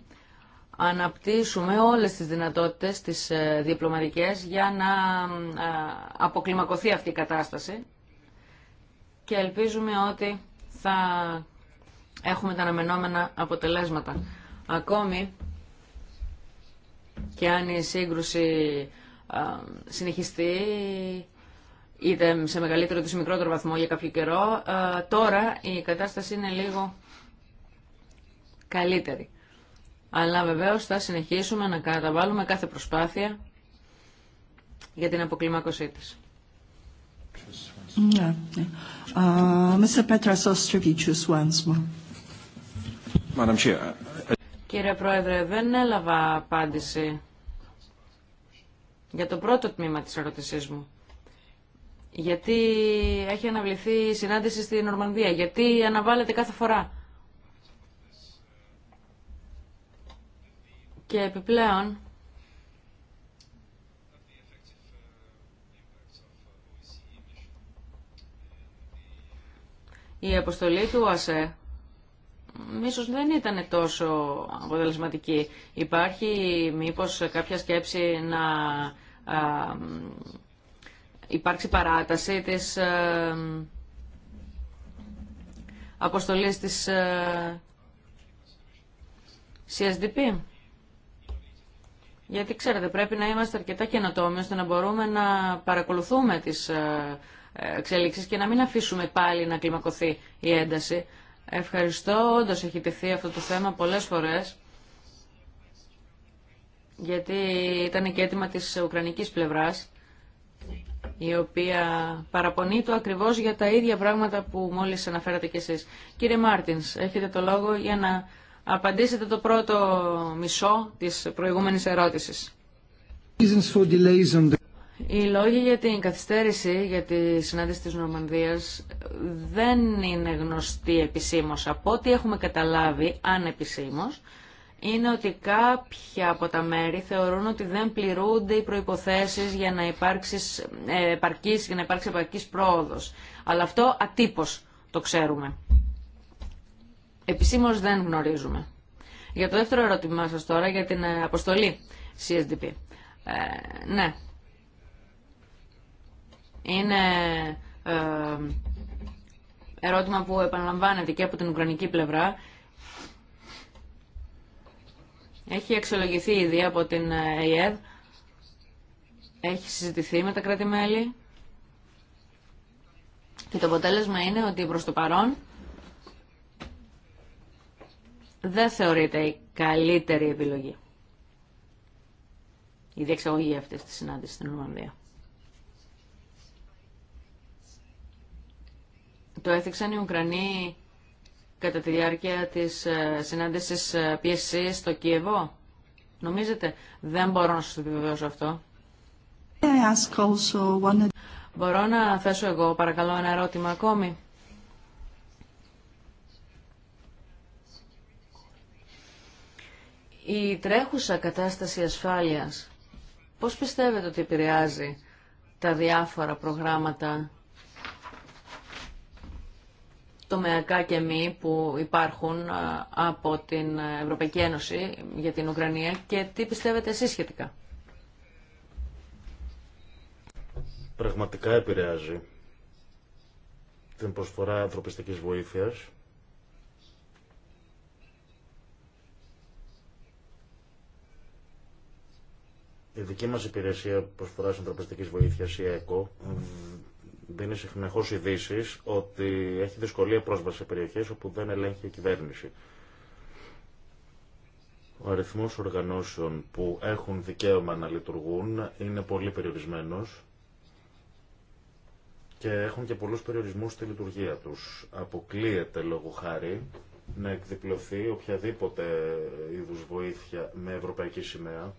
αναπτύσσουμε όλες τις δυνατότητες τις ε, διπλωματικές για να ε, αποκλιμακωθεί αυτή η κατάσταση και ελπίζουμε ότι θα έχουμε τα αναμενόμενα αποτελέσματα. Ακόμη και αν η σύγκρουση ε, συνεχιστεί είτε σε μεγαλύτερο ή σε μικρότερο βαθμό για κάποιο καιρό, τώρα η κατάσταση είναι λίγο καλύτερη. Αλλά βεβαίω θα συνεχίσουμε να καταβάλουμε κάθε προσπάθεια για την αποκλιμάκωσή τη. Uh, uh, Κύριε Πρόεδρε, δεν έλαβα απάντηση για το πρώτο τμήμα της ερώτησής μου. Γιατί έχει αναβληθεί η συνάντηση στη Νορμανδία, γιατί αναβάλλεται κάθε φορά. Και επιπλέον, η αποστολή του ΟΑΣΕ ίσως δεν ήταν τόσο αποτελεσματική. Υπάρχει μήπως κάποια σκέψη να υπάρξει παράταση της α, ε, αποστολής της α, ε, CSDP. Γιατί ξέρετε, πρέπει να είμαστε αρκετά καινοτόμοι ώστε να μπορούμε να παρακολουθούμε τις ε, ε, εξέλιξει και να μην αφήσουμε πάλι να κλιμακωθεί η ένταση. Ευχαριστώ. Όντω έχει τεθεί αυτό το θέμα πολλές φορές γιατί ήταν και αίτημα τη Ουκρανική πλευράς η οποία παραπονεί το ακριβώς για τα ίδια πράγματα που μόλις αναφέρατε κι εσείς. Κύριε Μάρτινς, έχετε το λόγο για να απαντήσετε το πρώτο μισό της προηγούμενης ερώτησης. Οι λόγοι για την καθυστέρηση για τη συνάντηση της Νορμανδίας δεν είναι γνωστοί επισήμως. Από ό,τι έχουμε καταλάβει, αν επισήμως, είναι ότι κάποια από τα μέρη θεωρούν ότι δεν πληρούνται οι προϋποθέσεις για να υπάρξει ε, επαρκής, για να υπάρξει επαρκής πρόοδος. Αλλά αυτό ατύπως το ξέρουμε επισήμως δεν γνωρίζουμε. Για το δεύτερο ερώτημά σας τώρα, για την ε, αποστολή CSDP. Ε, ναι. Είναι ε, ερώτημα που επαναλαμβάνεται και από την Ουκρανική πλευρά. Έχει αξιολογηθεί ήδη από την ΕΕΔ. Έχει συζητηθεί με τα κράτη-μέλη. Και το αποτέλεσμα είναι ότι προς το παρόν δεν θεωρείται η καλύτερη επιλογή. Η διεξαγωγή αυτή τη συνάντηση στην Ορμανδία. Το έθιξαν οι Ουκρανοί κατά τη διάρκεια της ε, συνάντησης PSC ε, στο Κιεβό. Νομίζετε, δεν μπορώ να σας το επιβεβαιώσω αυτό. Μπορώ να θέσω εγώ παρακαλώ ένα ερώτημα ακόμη. Η τρέχουσα κατάσταση ασφάλειας, πώς πιστεύετε ότι επηρεάζει τα διάφορα προγράμματα τομεακά και μη που υπάρχουν από την Ευρωπαϊκή Ένωση για την Ουκρανία και τι πιστεύετε εσείς σχετικά. Πραγματικά επηρεάζει την προσφορά ανθρωπιστικής βοήθειας Η δική μα υπηρεσία προσφορά ανθρωπιστικής βοήθειας, η ΕΚΟ, δίνει συνεχώ ειδήσει ότι έχει δυσκολία πρόσβαση σε περιοχές όπου δεν ελέγχει η κυβέρνηση. Ο αριθμός οργανώσεων που έχουν δικαίωμα να λειτουργούν είναι πολύ περιορισμένος και έχουν και πολλούς περιορισμούς στη λειτουργία τους. Αποκλείεται λόγω χάρη να εκδιπλωθεί οποιαδήποτε είδους βοήθεια με ευρωπαϊκή σημαία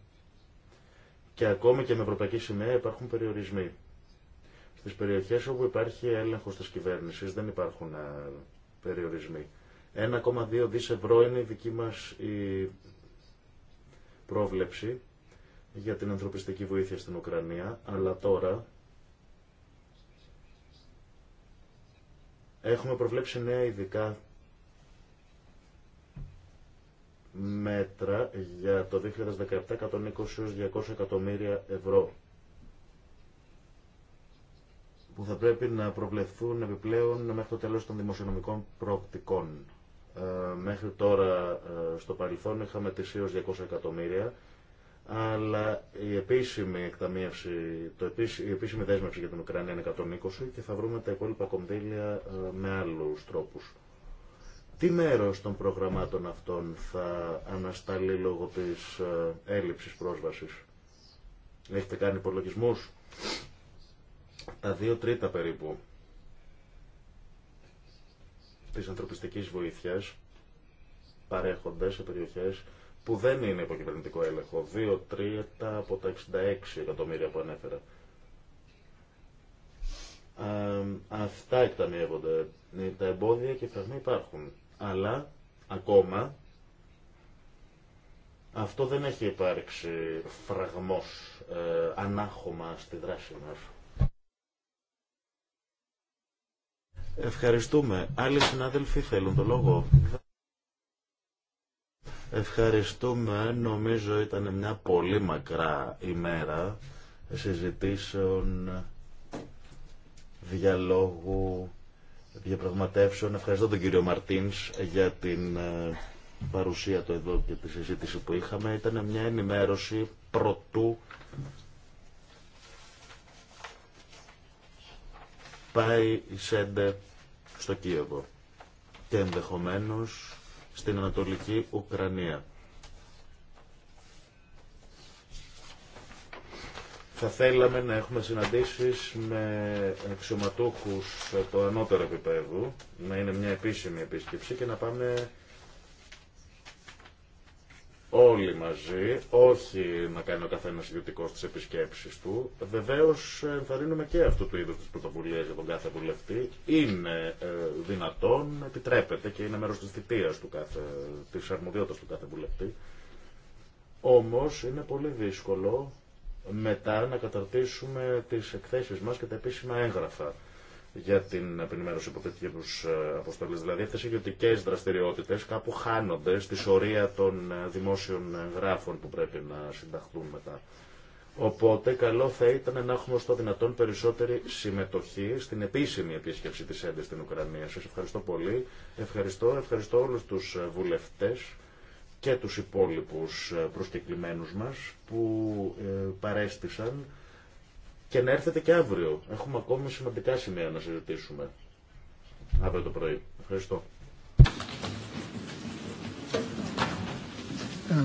και ακόμη και με ευρωπαϊκή σημαία υπάρχουν περιορισμοί. Στις περιοχέ όπου υπάρχει έλεγχο τη κυβέρνηση δεν υπάρχουν ε, περιορισμοί. 1,2 δις ευρώ είναι η δική μας η πρόβλεψη για την ανθρωπιστική βοήθεια στην Ουκρανία, αλλά τώρα έχουμε προβλέψει νέα ειδικά μέτρα για το 2017 120-200 εκατομμύρια ευρώ που θα πρέπει να προβλεφθούν επιπλέον μέχρι το τέλος των δημοσιονομικών προοπτικών. Ε, μέχρι τώρα ε, στο παρελθόν είχαμε τις 200 εκατομμύρια, αλλά η επίσημη, εκταμίευση, το η επίσημη δέσμευση για την Ουκρανία είναι 120 και θα βρούμε τα υπόλοιπα κονδύλια ε, με άλλους τρόπους. Τι μέρος των προγραμμάτων αυτών θα ανασταλεί λόγω της ε, έλλειψης πρόσβασης. Έχετε κάνει υπολογισμού. Τα δύο τρίτα περίπου της ανθρωπιστικής βοήθειας παρέχονται σε περιοχές που δεν είναι υποκυβερνητικό έλεγχο. Δύο τρίτα από τα 66 εκατομμύρια που ανέφερα. Ε, αυτά εκταμιεύονται. Ε, τα εμπόδια και οι φραγμοί υπάρχουν αλλά ακόμα αυτό δεν έχει υπάρξει φραγμός, ε, ανάχωμα στη δράση μας. Ευχαριστούμε. Άλλοι συνάδελφοι θέλουν το λόγο. Ευχαριστούμε. Νομίζω ήταν μια πολύ μακρά ημέρα συζητήσεων, διαλόγου διαπραγματεύσεων. Ευχαριστώ τον κύριο Μαρτίν για την ε, παρουσία του εδώ και τη συζήτηση που είχαμε. Ήταν μια ενημέρωση πρωτού πάει η Σέντε στο Κίεβο και ενδεχομένως στην Ανατολική Ουκρανία. Θα θέλαμε να έχουμε συναντήσεις με αξιωματούχους το ανώτερο επίπεδο, να είναι μια επίσημη επίσκεψη και να πάμε όλοι μαζί, όχι να κάνει ο καθένα ιδιωτικό τι επισκέψει του. Βεβαίω ενθαρρύνουμε και αυτού του είδου τι πρωτοβουλίε για τον κάθε βουλευτή. Είναι ε, δυνατόν, επιτρέπεται και είναι μέρο τη θητεία του τη αρμοδιότητα του κάθε βουλευτή. Όμως είναι πολύ δύσκολο μετά να καταρτήσουμε τις εκθέσεις μας και τα επίσημα έγγραφα για την επενημέρωση από τέτοιου ε, αποστολή. Δηλαδή, αυτέ οι ιδιωτικέ δραστηριότητες κάπου χάνονται στη σωρία των ε, δημόσιων γράφων που πρέπει να συνταχθούν μετά. Οπότε, καλό θα ήταν να έχουμε στο δυνατόν περισσότερη συμμετοχή στην επίσημη επίσκεψη της ΕΝΤΕ στην Ουκρανία. Σα ευχαριστώ πολύ. Ευχαριστώ, ευχαριστώ όλου του ε, βουλευτέ και τους υπόλοιπους ε, προσκεκλημένους μας που ε, παρέστησαν και να έρθετε και αύριο. Έχουμε ακόμη σημαντικά σημεία να συζητήσουμε αύριο το πρωί. Ευχαριστώ.